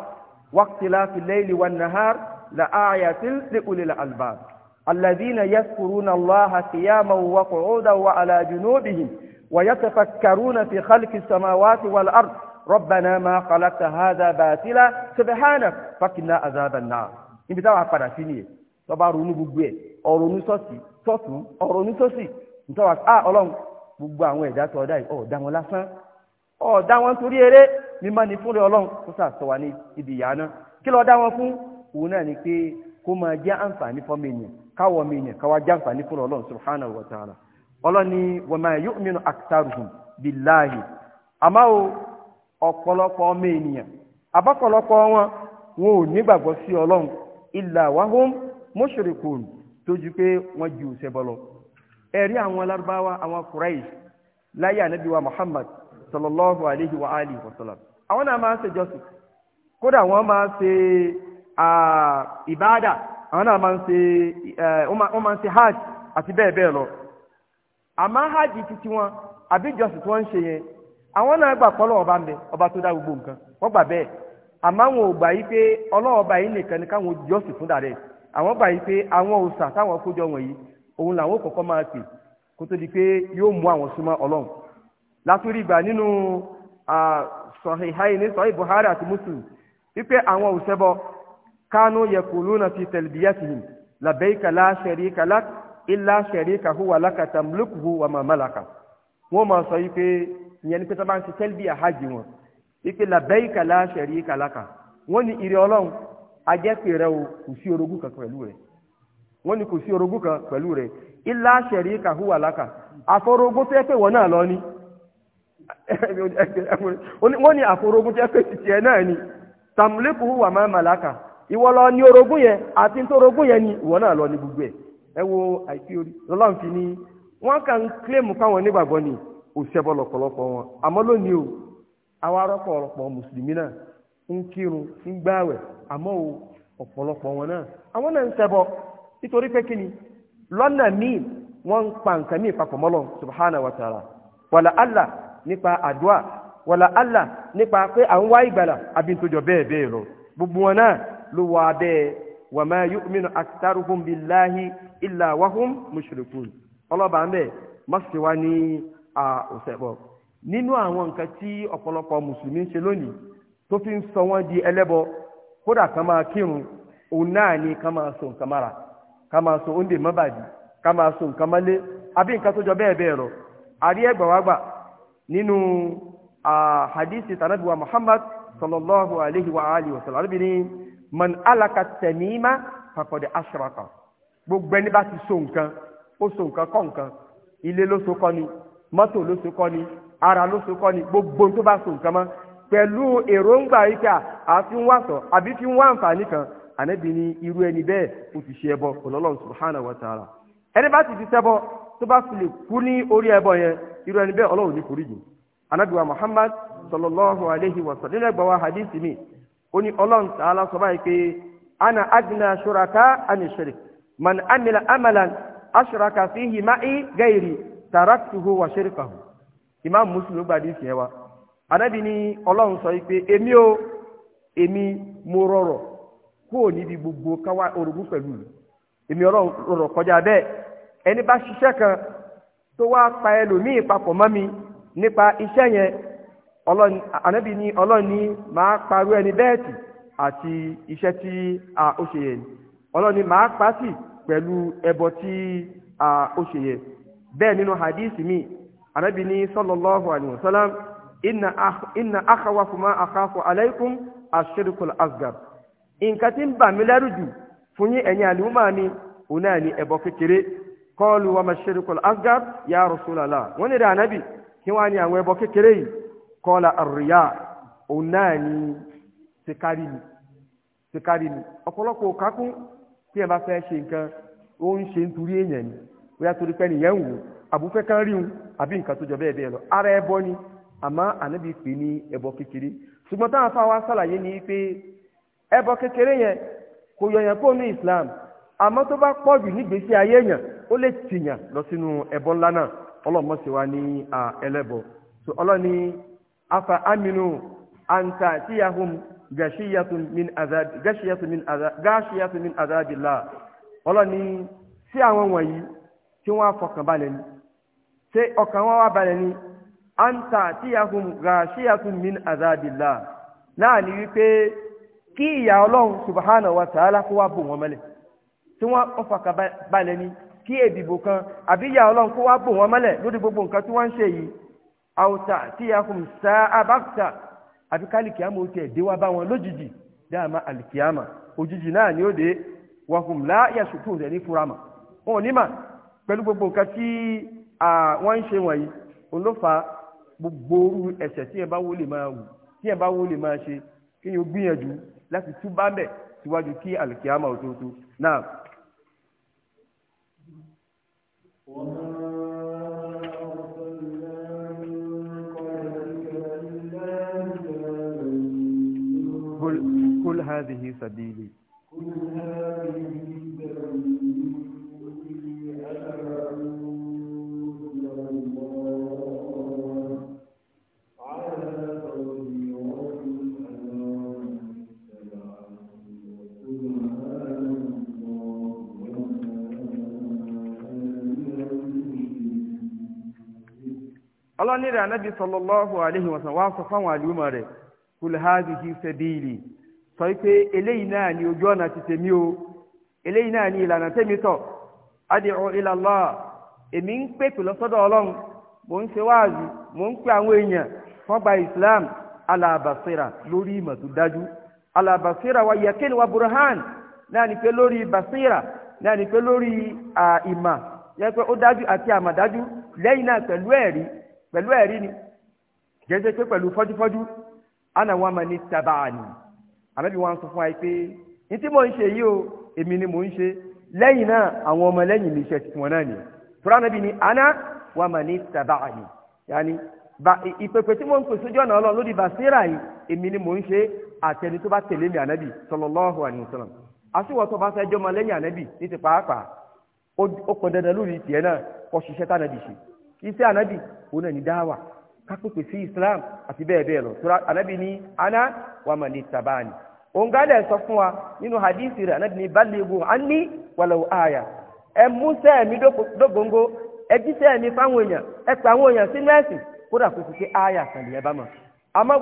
waqtilafi layli wan nahar la ayatin li ulil albab alladhina yadhkuruna allaha qiyaman wa qu'udan wa ala junubihim wa yatafakkaruna fi khalqi samawati wal ard ربنا ما خلقت هذا باطلا سبحانك فقنا عذاب النار ibi táwọn apàdà sí nìyẹn tọba ronú gbogbo ẹ ọ̀rọ̀ onítọsí tọtún ọ̀rọ̀ onítọsí ntọwà á ah, Ọlọ́run gbogbo àwọn ẹ̀dá tó ọ̀dá yìí ọ̀dá wọn lásán ọ̀dá wọn torí eré mímọ́ ni fúnra ọlọ́run kó sàtọ̀ wá ní ibi ìyá náà kí lọ́ọ́ dá wọn fún òun náà ni pé kó máa jẹ́ àǹfààní fọ́mọ ènìyàn káwọ́ mi ènìyàn káwá jẹ́ àǹfààní fúnra ọlọ́run subhanahu wa ta'ala ọlọ́ni wa ma yu'minu aktharuhum billahi àmọ́ o ọ̀pọ̀lọpọ̀ ọmọ ènìyàn àbọ̀pọ̀lọpọ̀ wọn wọn ò nígbàgbọ́ sí ọlọ́run ẹ̀rí àwọn alárúbáwá àwọn Quraysh láyé ànábì Muhammad sallallahu alayhi wa alihi wa sallam àwọn náà máa ń ṣe jọ́sìn kódà wọ́n máa ń ṣe ìbáàdà àwọn náà máa ń ṣe wọ́n máa ń ṣe hajj àti bẹ́ẹ̀ bẹ́ẹ̀ lọ àmọ́ hajj títí wọn àbí jọ́sìn tí wọ́n ń ṣe yẹn àwọn náà gbà ọba gbogbo nǹkan àwọn ò gbà yìí òun làwọn kọ̀ọ̀kan máa pè kó tó di pé yóò mú àwọn súnmọ́ ọlọ́run látúrí ìgbà nínú sọ̀hìnháì ní sọ̀hìn Buhari àti Muslim wípé àwọn òṣèbọ kánú yaquluna fi talbiyatihim labbaika la sharika lak illa sharika huwa laka tamlukuhu wa ma malaka wọ́n máa sọ wípé ìyẹn ní pé tó bá ń ṣe talbiya hajj wọn wípé labbaika la sharika laka wọ́n ní ìrẹ́ ọlọ́run ajẹ́pẹ̀rẹ́ o kò sí orogún kankan pẹ̀lú rẹ̀ wọ́n ni kò sí orogún kan pẹ̀lú rẹ̀ ilá ṣẹ̀rí kàhúwà láka àforogún tó yẹ wọ́n náà lọ ni <laughs> wọ́n ní àforogún tó yẹ pé tiẹ̀ náà ni tàmùlẹ́kù hùwà máa màláka ìwọ lọ ní orogún yẹn àti tó orogún yẹn ni ìwọ náà lọ ní gbogbo ẹ̀ ẹ wo àìsí orí lọ́lọ́run fi ní wọ́n kàn ń kílèmù fáwọn ni òṣèbọ lọ́pọ̀lọpọ̀ wọn àmọ́ lónìí o mùsùlùmí náà ń kírun ń gbáwẹ̀ nítorí pé kí ni lọ́nà míì wọ́n ń pa nǹkan míì papọ̀ mọ́lọ́ subhanahu wa ta'ala wàlà allah nípa àdúà wàlà allah nípa pé à ń wá ìgbàlà àbí ntòjọ bẹ́ẹ̀ bẹ́ẹ̀ lọ gbogbo wọn náà ló wà bẹ́ẹ̀ wa ma yu'minu aktharuhum billahi illa wahum mushrikun ọlọ́ba ń bẹ̀ mọ́síwá ní òṣèpọ̀ nínú àwọn nǹkan tí ọ̀pọ̀lọpọ̀ mùsùlùmí ń ṣe lónìí tó fi ń sọ wọ́n di ẹlẹ́bọ kódà kan máa kírun òun náà ni kan máa so nǹkan mára ká máa so oúnjẹ mọ́bàdì ká máa so nǹkan mọ́lé àbí nǹkan tó jọ bẹ́ẹ̀ bẹ́ẹ̀ rọ àrí ẹgbà wá gbà nínú hadisi tanabi wa muhammad sallallahu alayhi wa alihi wa sallam arábìnrin man alaka tamima faqad ashraka gbogbo ẹni bá ti so nǹkan ó so nǹkan kọ́ nǹkan ilé ló so kọ́ ni mọ́tò ló so kọ́ ni ara ló so kọ́ ni gbogbo tó bá so nǹkan mọ́ pẹ̀lú èròǹgbà yìí kí a fi ń wàsọ̀ àbí fi ń wá àǹfààní kan ànábì ní irú ẹni bẹ́ẹ̀ ó ti ṣe ẹbọ ọlọ́lọ́run subhanahu wa ta'ala ẹni bá ti fi ṣẹbọ tó bá fi lè kú ní orí ẹbọ yẹn irú ẹni bẹ́ẹ̀ ọlọ́run ní foríjì ànábì wa muhammad sallallahu alayhi wa sallam nínú ẹgbàá wa hadith mi ó ní ọlọ́run ta'ala sọ báyìí pé ana agna shuraka ani shirik man amila amalan ashraka fihi ma'i gairi taraktuhu wa shirkahu imam muslim gbàdí ìfìyẹn wa ànábì ní sọ yìí pé èmi o èmi mo rọrọ̀ kúrò níbi gbogbo káwá orogún pẹ̀lú èmi ọ̀rọ̀ kọjá bẹ́ẹ̀ ẹni bá ṣiṣẹ́ kan tó wá pa ẹlòmíì papọ̀ mọ́ mi nípa iṣẹ́ yẹn ànábì ni ọlọ́ọ̀ni máa parú ẹni bẹ́ẹ̀tì àti iṣẹ́ tí ó ṣe yẹn ọlọ́ọ̀ni máa pa sí pẹ̀lú ẹbọ tí ó ṣe yẹn bẹ́ẹ̀ nínú hadisi mi ànábì ni sallallahu wa sallam inna akhawafuma akhafu alaykum ashirikul asgar. nǹkan ti ń bà mí lẹ́rù jù fún yín ẹ̀yin àlùmọ́ ni òun náà ni ẹ̀bọ kékeré kọ́ọ̀lù wa mashirikul asgar ya rasulallah wọ́n ní rẹ̀ ànábì kí wọ́n á ní àwọn ẹ̀bọ kékeré yìí kọ́ọ̀là àríyá òun náà ni sikari ni sikari ni ọ̀pọ̀lọpọ̀ kakún tí ẹ bá fẹ́ ṣe nǹkan ó ń ṣe nítorí èèyàn ni bóyá torí pé nìyẹn wò àbúfẹ́ kan rí un àbí nǹkan tó jọ bẹ́ẹ̀ bẹ́ẹ̀ lọ ara ni ẹbọ kékeré yẹn kò yọyàn islam àmọ́ tó bá pọ̀ jù si ayé yàn ó lè tìyàn lọ sínú ẹbọ ńlá náà ọlọ́mọ sì wá ní ẹlẹ́bọ afa aminu anta tiyahum gashiyatun min azab gashiyatun min azab gashiyatun min azabillah ọlọ́ni sí àwọn wọ̀nyí tí wọ́n á fọkàn balẹ̀ ni ṣé ọkàn wọn wá balẹ̀ ni anta tiyahum gashiyatun min náà wípé. kí ìyà ọlọ́run subahana wa ta'ala kó wá bò wọ́n mọ́lẹ̀ tí wọ́n ọ̀fàkà balẹ̀ ni kí èdìbò kan àbí ìyà ọlọ́run kó wá bò wọ́n mọ́lẹ̀ lórí gbogbo nǹkan tí wọ́n ń ṣe yìí àwòtà tí ìyà kò sá abáfta àbí kálíkìámà ó tiẹ̀ dé wá bá wọn lójijì dáàmà àlìkìámà òjijì náà ni ó dé wàhùn láyà sùkúrù rẹ̀ ní furama wọn ò ní mà pẹ̀lú gbogbo nǹkan tí wọ́n ń ṣe wọ̀nyí òun ló fa gbogbo ẹ̀ṣẹ̀ tí ẹ bá wọlé máa wù tí ẹ bá wọlé máa ṣe kí ni gbìyànjú láti tú bá mẹ́ síwájú kí àlùkìyàmà ò náà. قل هذه سبيلي ọlọ́ni rẹ̀ anábì sallallahu alaihi wasallam wá sọ fáwọn àlùmọ̀ rẹ̀ kul hadhihi sabili sọ pé eléyìí náà ni ojú ọ̀nà ti tèmi o eléyìí náà ni ìlànà tèmi tọ̀ ila Allah èmi ń lọ́sọ́dọ̀ ọlọ́run mò ń ṣe wáàzù mò ń pè àwọn èèyàn islam ala basira lórí ìmọ̀ tó ala basira wa yakin wa burhan náà ni pé lórí basira náà ni pé lórí ìmọ̀ yẹ pé ó dájú àti àmàdájú lẹ́yìn náà pẹ̀lú pẹ̀lú ẹ̀rí ni jẹ́jẹ́ pé pẹ̀lú fọ́júfọ́jú ana wa ma ní tabaani ànábi wa ń sọ fún wa pé ní tí mò ń ṣe yìí o èmi ni mò ń ṣe lẹ́yìn náà àwọn ọmọ lẹ́yìn mi ṣe tiwọn náà ni tura ànábi ni ana wa ma ní tabaani yaani ba ìpèpè tí mò ń pèsè jọ́nà ọlọ́run lórí basira yìí èmi ni mò ń ṣe àtẹni tó bá tẹ̀lé mi ànábi sallallahu alaihi wasallam àsìwọ̀tò bá fẹ́ jọmọ lẹ́yìn ànábi ní ti pàápàá ó pọn dandan lórí tiẹ̀ náà kọ́ ṣiṣẹ́ tánàbì ṣe iṣẹ́ anabi òun náà ní dáwà kápẹ́pẹ́ sí islam àti bẹ́ẹ̀ bẹ́ẹ̀ lọ tura anabi ní aná wà mà ní tabani òǹgálẹ̀ sọ fún wa nínú hadithi rẹ̀ anabi ní balẹ̀gbò ani wàlẹ̀ àyà ẹ mú sẹ́ẹ̀mí dógóńgó ẹ jí sẹ́ẹ̀mí fáwọn èèyàn ẹ pa àwọn èèyàn sínú ẹ̀sìn kódà kó fi ké àyà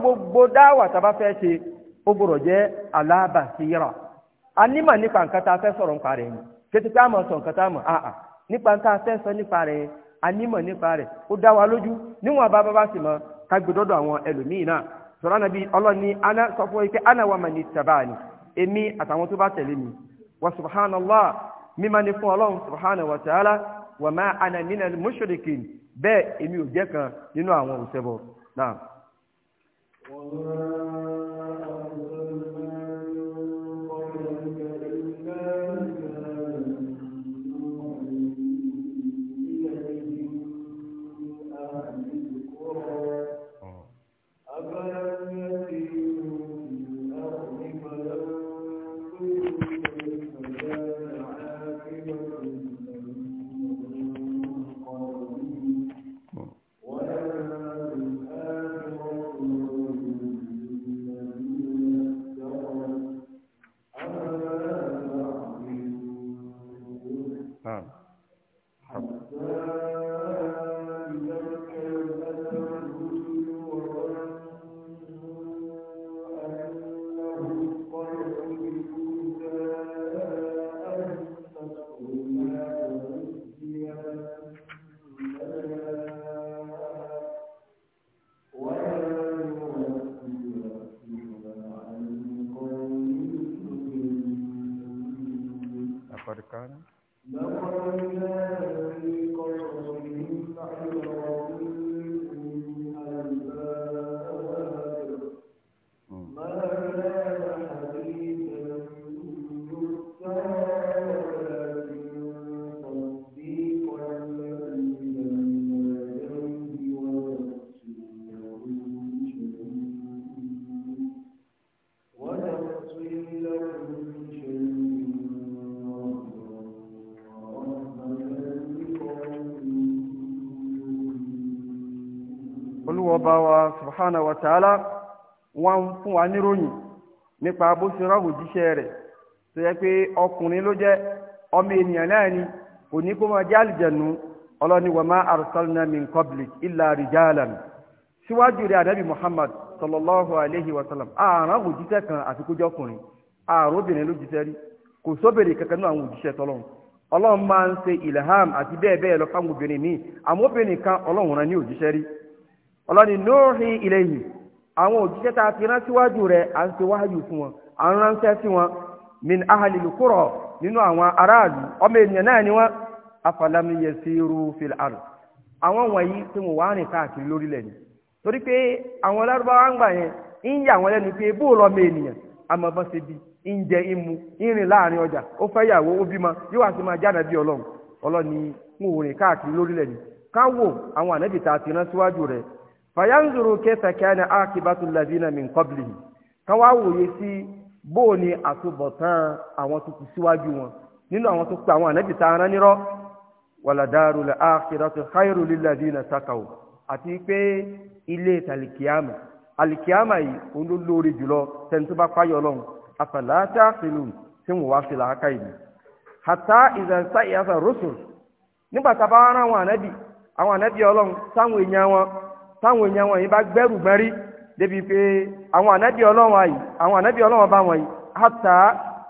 gbogbo dáwà tábà fẹ́ ṣe ó gbọ́dọ̀ jẹ́ nípa a nípa a sọ a nípa a nípa rẹ̀ ó dá wa lójú níwọ̀n bá bá bá sì mọ ká gbẹdọ́dọ̀ àwọn ẹlòmíì náà sọ̀rọ̀ nàbí ọlọ́ni aná sọ fún ike aná wa mà ní tàbáàní èmi àtàwọn tó bá tẹ̀lé mi wa subhanallah mímá ni fún ọlọ́run subhanahu wa ta'ala wa ma ana minal mushrikin bẹ́ẹ̀ èmi ò jẹ́ kan nínú àwọn òṣèbọ̀ náà. olúwọba wa subhanahu wa ta'ala wọ́n ń fún wa níròyìn nípa bó ṣe rán òjíṣẹ́ rẹ̀ tó yẹ pé ọkùnrin ló jẹ́ ọmọ ènìyàn náà ni kò ní kó máa jẹ́ àlìjẹ̀nu ọlọ́ni wa ma arsalna min qablik illa rijalan síwájú rẹ̀ ànábì muhammad sallallahu alayhi wa sallam àrùn òjíṣẹ́ kan àti kójọ́kùnrin àrùn obìnrin ló jíṣẹ́ rí kò sóbèrè kankan náà àwọn òjíṣẹ́ tọ́lọ́run ọlọ́run máa ń ṣe ilham àti bẹ́ẹ̀ bẹ́ẹ̀ lọ fáwọn obìnrin míì àwọn obìnrin kan ọlọ́run rán ní òjíṣẹ́ rí ọlọ́ni nóòhì ilayhi àwọn òjíṣẹ́ tá a ti rán síwájú rẹ̀ à ń ṣe wáyù fún wọn à ń ránṣẹ́ sí wọn min ahalil nínú àwọn aráàlú ọmọ ènìyàn náà ni wọ́n afalam yasiru fil ard àwọn wọ̀nyí tí wọ́n wá rìn káàkiri lórílẹ̀ ni torí pé àwọn lárúbáwá ń gbà yẹn ń yà lẹ́nu pé ọmọ ènìyàn ṣe bí ń jẹ mu láàrin ọjà ó fẹ́ yàwó ó bímọ yóò wá sí máa jáde bí ọlọ́run ọlọ́ni ń wò rìn ni ká wò àwọn fàyàǹzòrò kẹfà kẹ́ni àkìbátú ladina min qablihi kan wá wòye sí bóò ni àtúbọ̀tán àwọn tó kù síwájú wọn nínú àwọn tó pe àwọn ànábì tá a rán nírọ́ wàlàdàrú lẹ àkìrọ̀tù khairu líladina takaw àti pé ilé tàlìkìámà àlìkìámà yìí òun ló lóore jùlọ tẹni tó bá páyọ̀ ọlọ́run àfàlàtà àfẹlù tí wọn wá sí làákà yìí hàtà ìzànsá ìyàsà rusul nígbà tá a bá rán àwọn ànábì àwọn ànábì ọlọ́run sáwọn èèyàn táwọn èèyàn wọn yìí bá gbẹ́rù gbẹ́rí débi pé àwọn ànábì ọlọ́run àyè àwọn ànábì ọlọ́run bá wọn yìí hàtà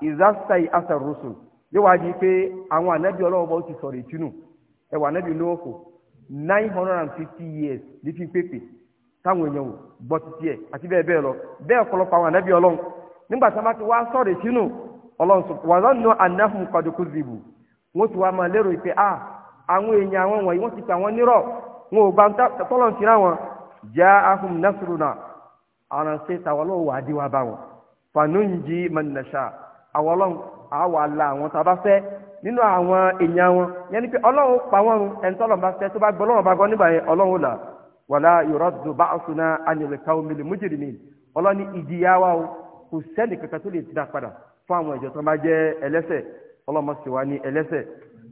ìzásàì àsàrùsùn yóò wá di pé àwọn ànábì ọlọ́run bá ti sọ̀rọ̀ ìtúnù ànábì nine hundred and fifty years ní pépè táwọn èèyàn gbọ́ títí àti bẹ́ẹ̀ bẹ́ẹ̀ lọ bẹ́ẹ̀ ọ̀pọ̀lọpọ̀ àwọn ànábì wọn ò gba tọ́lọ̀ sí ra wọn já ahùn nasruna àránṣẹ́ tàwọn lọ́wọ́ wà á dé wá bá wọn fanúnjì mọ̀nàṣà àwọn ọlọ́run àwọn tá a bá fẹ́ nínú àwọn èèyàn wọn yẹn ni pé ọlọ́run pa wọn run ẹni tọ́lọ̀ bá fẹ́ tó bá gbọ́ bá gbọ́ nígbà yẹn ọlọ́run là wàlá yuraddu ba'suna 'anil qawmil mujrimin ọlọ́ni ìjìyà o kò sẹ́ni kankan tó lè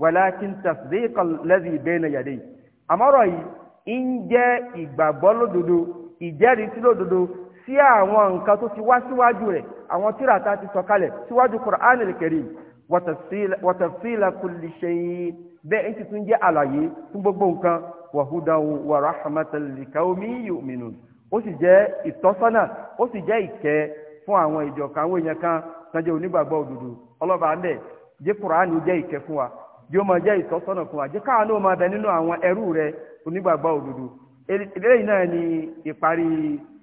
walakin tasdiqa allazi bayna yadayhi àmọ́rọ̀ yìí ń jẹ́ ìgbàgbọ́ lódodo ìjẹ́rìísí lódodo sí àwọn nǹkan tó ti wá síwájú rẹ̀ àwọn tírà tá ti sọ kalẹ̀ síwájú Qur'anil Karim wa tafsila kulli shay' bẹ́ẹ̀ ń ti tún jẹ́ àlàyé fún gbogbo nǹkan wa hudan wa rahmatan li qaumin yu'minun ó sì jẹ́ ìtọ́sọ́nà ó sì jẹ́ ìkẹ́ fún àwọn ìjọ kan àwọn èèyàn kan sanjẹ́ onígbàgbọ́ òdodo ọlọ́ba ń bẹ̀ jẹ́ Qur'an jẹ́ ìkẹ́ fún wa yóò máa jẹ́ ìtọ́sọ́nà fún wa jẹ́ káwọn náà máa bẹ nínú àwọn ẹrú rẹ onígbàgbọ́ òdodo eléyìí náà ni ìparí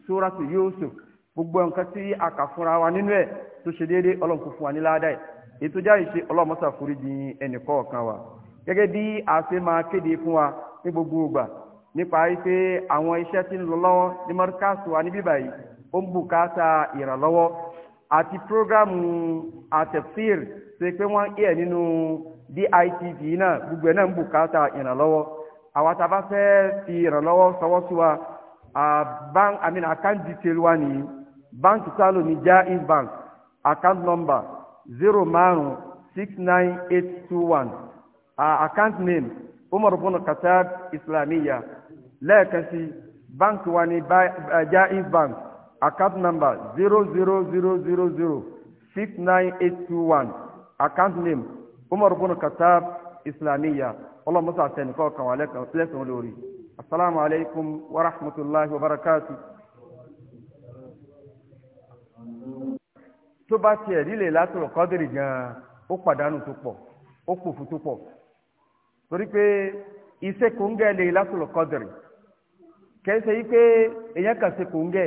sóràtù Yúsúf gbogbo nǹkan tí a kà fúnra wa nínú ẹ̀ tó ṣe déédéé ọlọ́run kò fún wa ní ládàá ẹ̀ ètò jáde ṣe ọlọ́mọ́sà foríjì ẹnì kọ̀ọ̀kan wa gẹ́gẹ́ bí a ṣe máa kéde fún wa ní gbogbo ìgbà nípa pé àwọn iṣẹ́ tí ń lọ lọ́wọ́ ní mọ́ríkàsù wa níbí báyìí ó ń bùkátà ìrànlọ́wọ́ àti prógrámù àtẹ̀fíìr ṣe pé wọ́n yẹ̀ nínú DITV náà gbogbo ẹ̀ náà ń bùkátà ìrànlọ́wọ́ àwa tá a bá fẹ́ fi ìrànlọ́wọ́ sọwọ́ sí wa bank I mean account detail wa nìyí báńkì sálò ní Jaiz Bank account number zero márùn six nine eight two one account name Umar bin Khattab Islamiyya lẹ́ẹ̀kan sí báńkì wa ní eh, Jaiz Bank account number zero zero zero zero zero six nine eight two one account name umar bin katab islamiyya ọlọ́mọsá àtẹnìkọ́ kan wà lẹ́sàn olórí assalamu alaikum wa rahmatullahi wa barakatu tó bá tiẹ̀ lílẹ̀ látọ̀rọ̀ kọ́dìrì gan-an ó pàdánù tó pọ̀ ó pòfù tó pọ̀ torí pé iṣẹ́ kòńgẹ́ lè látọ̀rọ̀ kọ́dìrì kẹsẹ yìí pé èèyàn kà ṣe kò ń pé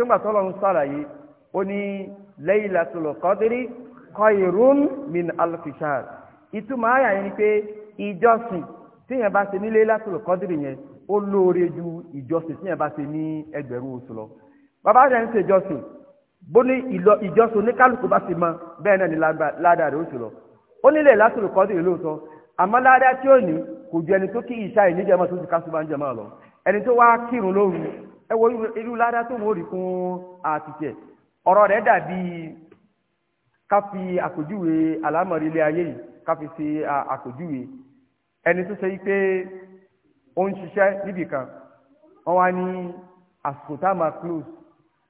ńgbà tó lọ́run sàlàyé ó ní Laylatul Qadri khairun min alfi shahr ìtumọ̀ àyà yẹn ni pé ìjọsìn tíyẹn bá ṣe nílé látòlù kọ́dìrì yẹn ó lóore ju ìjọsìn tíyẹn bá ni ní ẹgbẹ̀rún oṣù lọ se rẹ̀ ń ṣe ìjọsìn bó ní ìjọsìn oníkálukú bá ṣe mọ bẹ́ẹ̀ náà ni ládàá rẹ̀ oṣù lọ ó nílé látòlù kọ́dìrì lóòótọ́ àmọ́ ládàá tí ó ní kò ju ẹni tó kí ìṣá yìí níjàmọ́ tó ti ká súnmọ́ níjàmọ́ lọ ẹni tó wá kírun lóru ẹ wo irú ládàá tó wọ́n rí fún àtìkẹ́ ọ̀rọ̀ rẹ̀ dàbí ká fi àpèjúwe àlámọ̀rí ilé ayé yìí ká fi ṣe àpèjúwe ẹni tó ṣe pé ó ń ṣiṣẹ́ níbì kan wọ́n wá ní àsìkò tá a máa close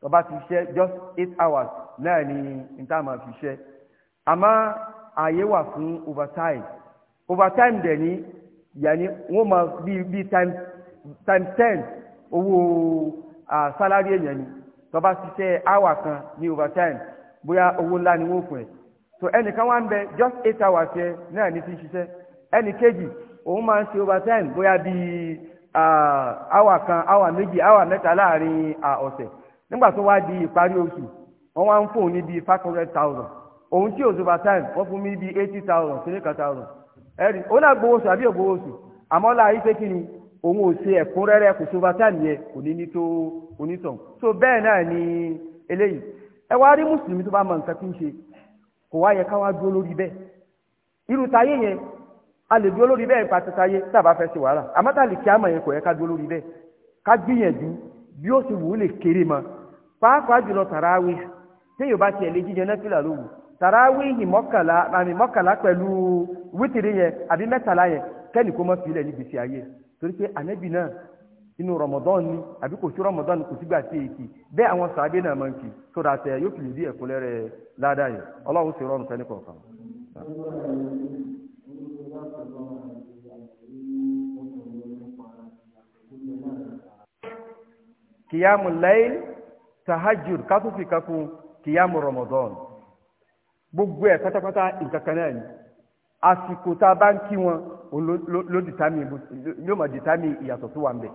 tó bá ti ṣiṣẹ́ just eight hours náà ni n tá a máa fi ṣiṣẹ́ àmọ́ ààyè wà fún overtime overtime dẹ̀ ní yàní wọ́n máa bí bí times times ten owó salary èèyàn ni tó bá ṣiṣẹ́ hour kan ní overtime bóyá owó ńlá ni wọ́n fún so ẹnìkan wá bẹ just eight hours yẹ náà ní ti ń ṣiṣẹ́ ẹnì kejì òun máa ṣe overtime bóyá bíi hour kan hour méjì hour mẹ́ta láàrin ọ̀sẹ̀ nígbà tó wá di ìparí oṣù wọ́n wá ń ní bíi five hundred thousand òun tí wọ́n fún mi ní eighty thousand three hundred thousand ẹ̀rí òun náà gbowó oṣù àbí ògbowó oṣù àmọ́ láàyè pé kí ni òun ò ṣe ẹ̀kúnrẹ́rẹ́ kò ṣe yẹ kò ní ní tó so bẹ́ẹ̀ náà ni ẹ wá rí mùsùlùmí tó bá mọ nǹkan tí ń ṣe kò wá yẹ ká wá dúró lórí bẹ́ẹ̀ irú tayé yẹn a lè dúró lórí bẹ́ẹ̀ nípa titayé tá a bá fẹ́ ṣe wàhálà àmọ́ tá a lè kí àmọ̀ yẹn kò yẹ ká dúró lórí bẹ́ẹ̀ ká gbìyànjú bí ó ti wù ú lè kéré mọ́ pàápàá jùlọ tàràwí téèyàn bá tiẹ̀ lè jíjẹ nẹ́fìlà lówù tàràwí yìí mọ́kànlá àmì mọ́kànlá pẹ̀lú wítìrì yẹn àbí mẹ́tàlá yẹn kẹ́ni mọ́ filẹ̀ inú Ramadan ni àbí kò sí Ramadan kò sígbà tí èkì bẹ́ẹ̀ àwọn sàábé náà máa ń kì tó dáa tẹ yóò fi lè dí ẹ̀kúnlẹ́rẹ́ ládàá yẹn ọlọ́run sì rọrùn fẹ́ni kọ̀ọ̀kan. kìyàmù láyl tahajjud kátùfì kìyàmù Ramadan gbogbo ẹ̀ pátápátá nǹkan kan náà ni àsìkò tá a bá ń kí wọn ló dìtámì ìyàtọ̀ tó wà ń bẹ̀.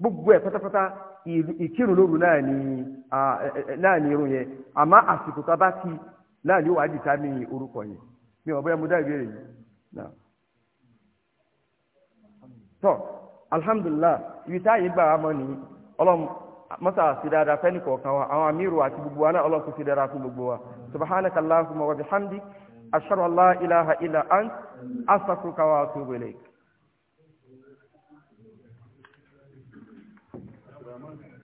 gbogbo ẹ̀ pátápátá ìkírun lóru náà ní irun yẹn àmọ́ àsìkò tá a bá ti náà ní ó wàá dìtà ní orúkọ yẹn mi ò bóyá mo dá ìbéèrè yìí náà. tọ́ alhamdulillah ibi táyé gbà á mọ́ ni ọlọ́run masa si dáadáa fẹ́ni kọ̀ọ̀kan wa àwọn amíru àti gbogbo wa náà ọlọ́run kò sí dáadáa fún gbogbo wa subhanaka allahumma wa bihamdik ashhadu an la ilaha illa ant astaghfiruka wa atubu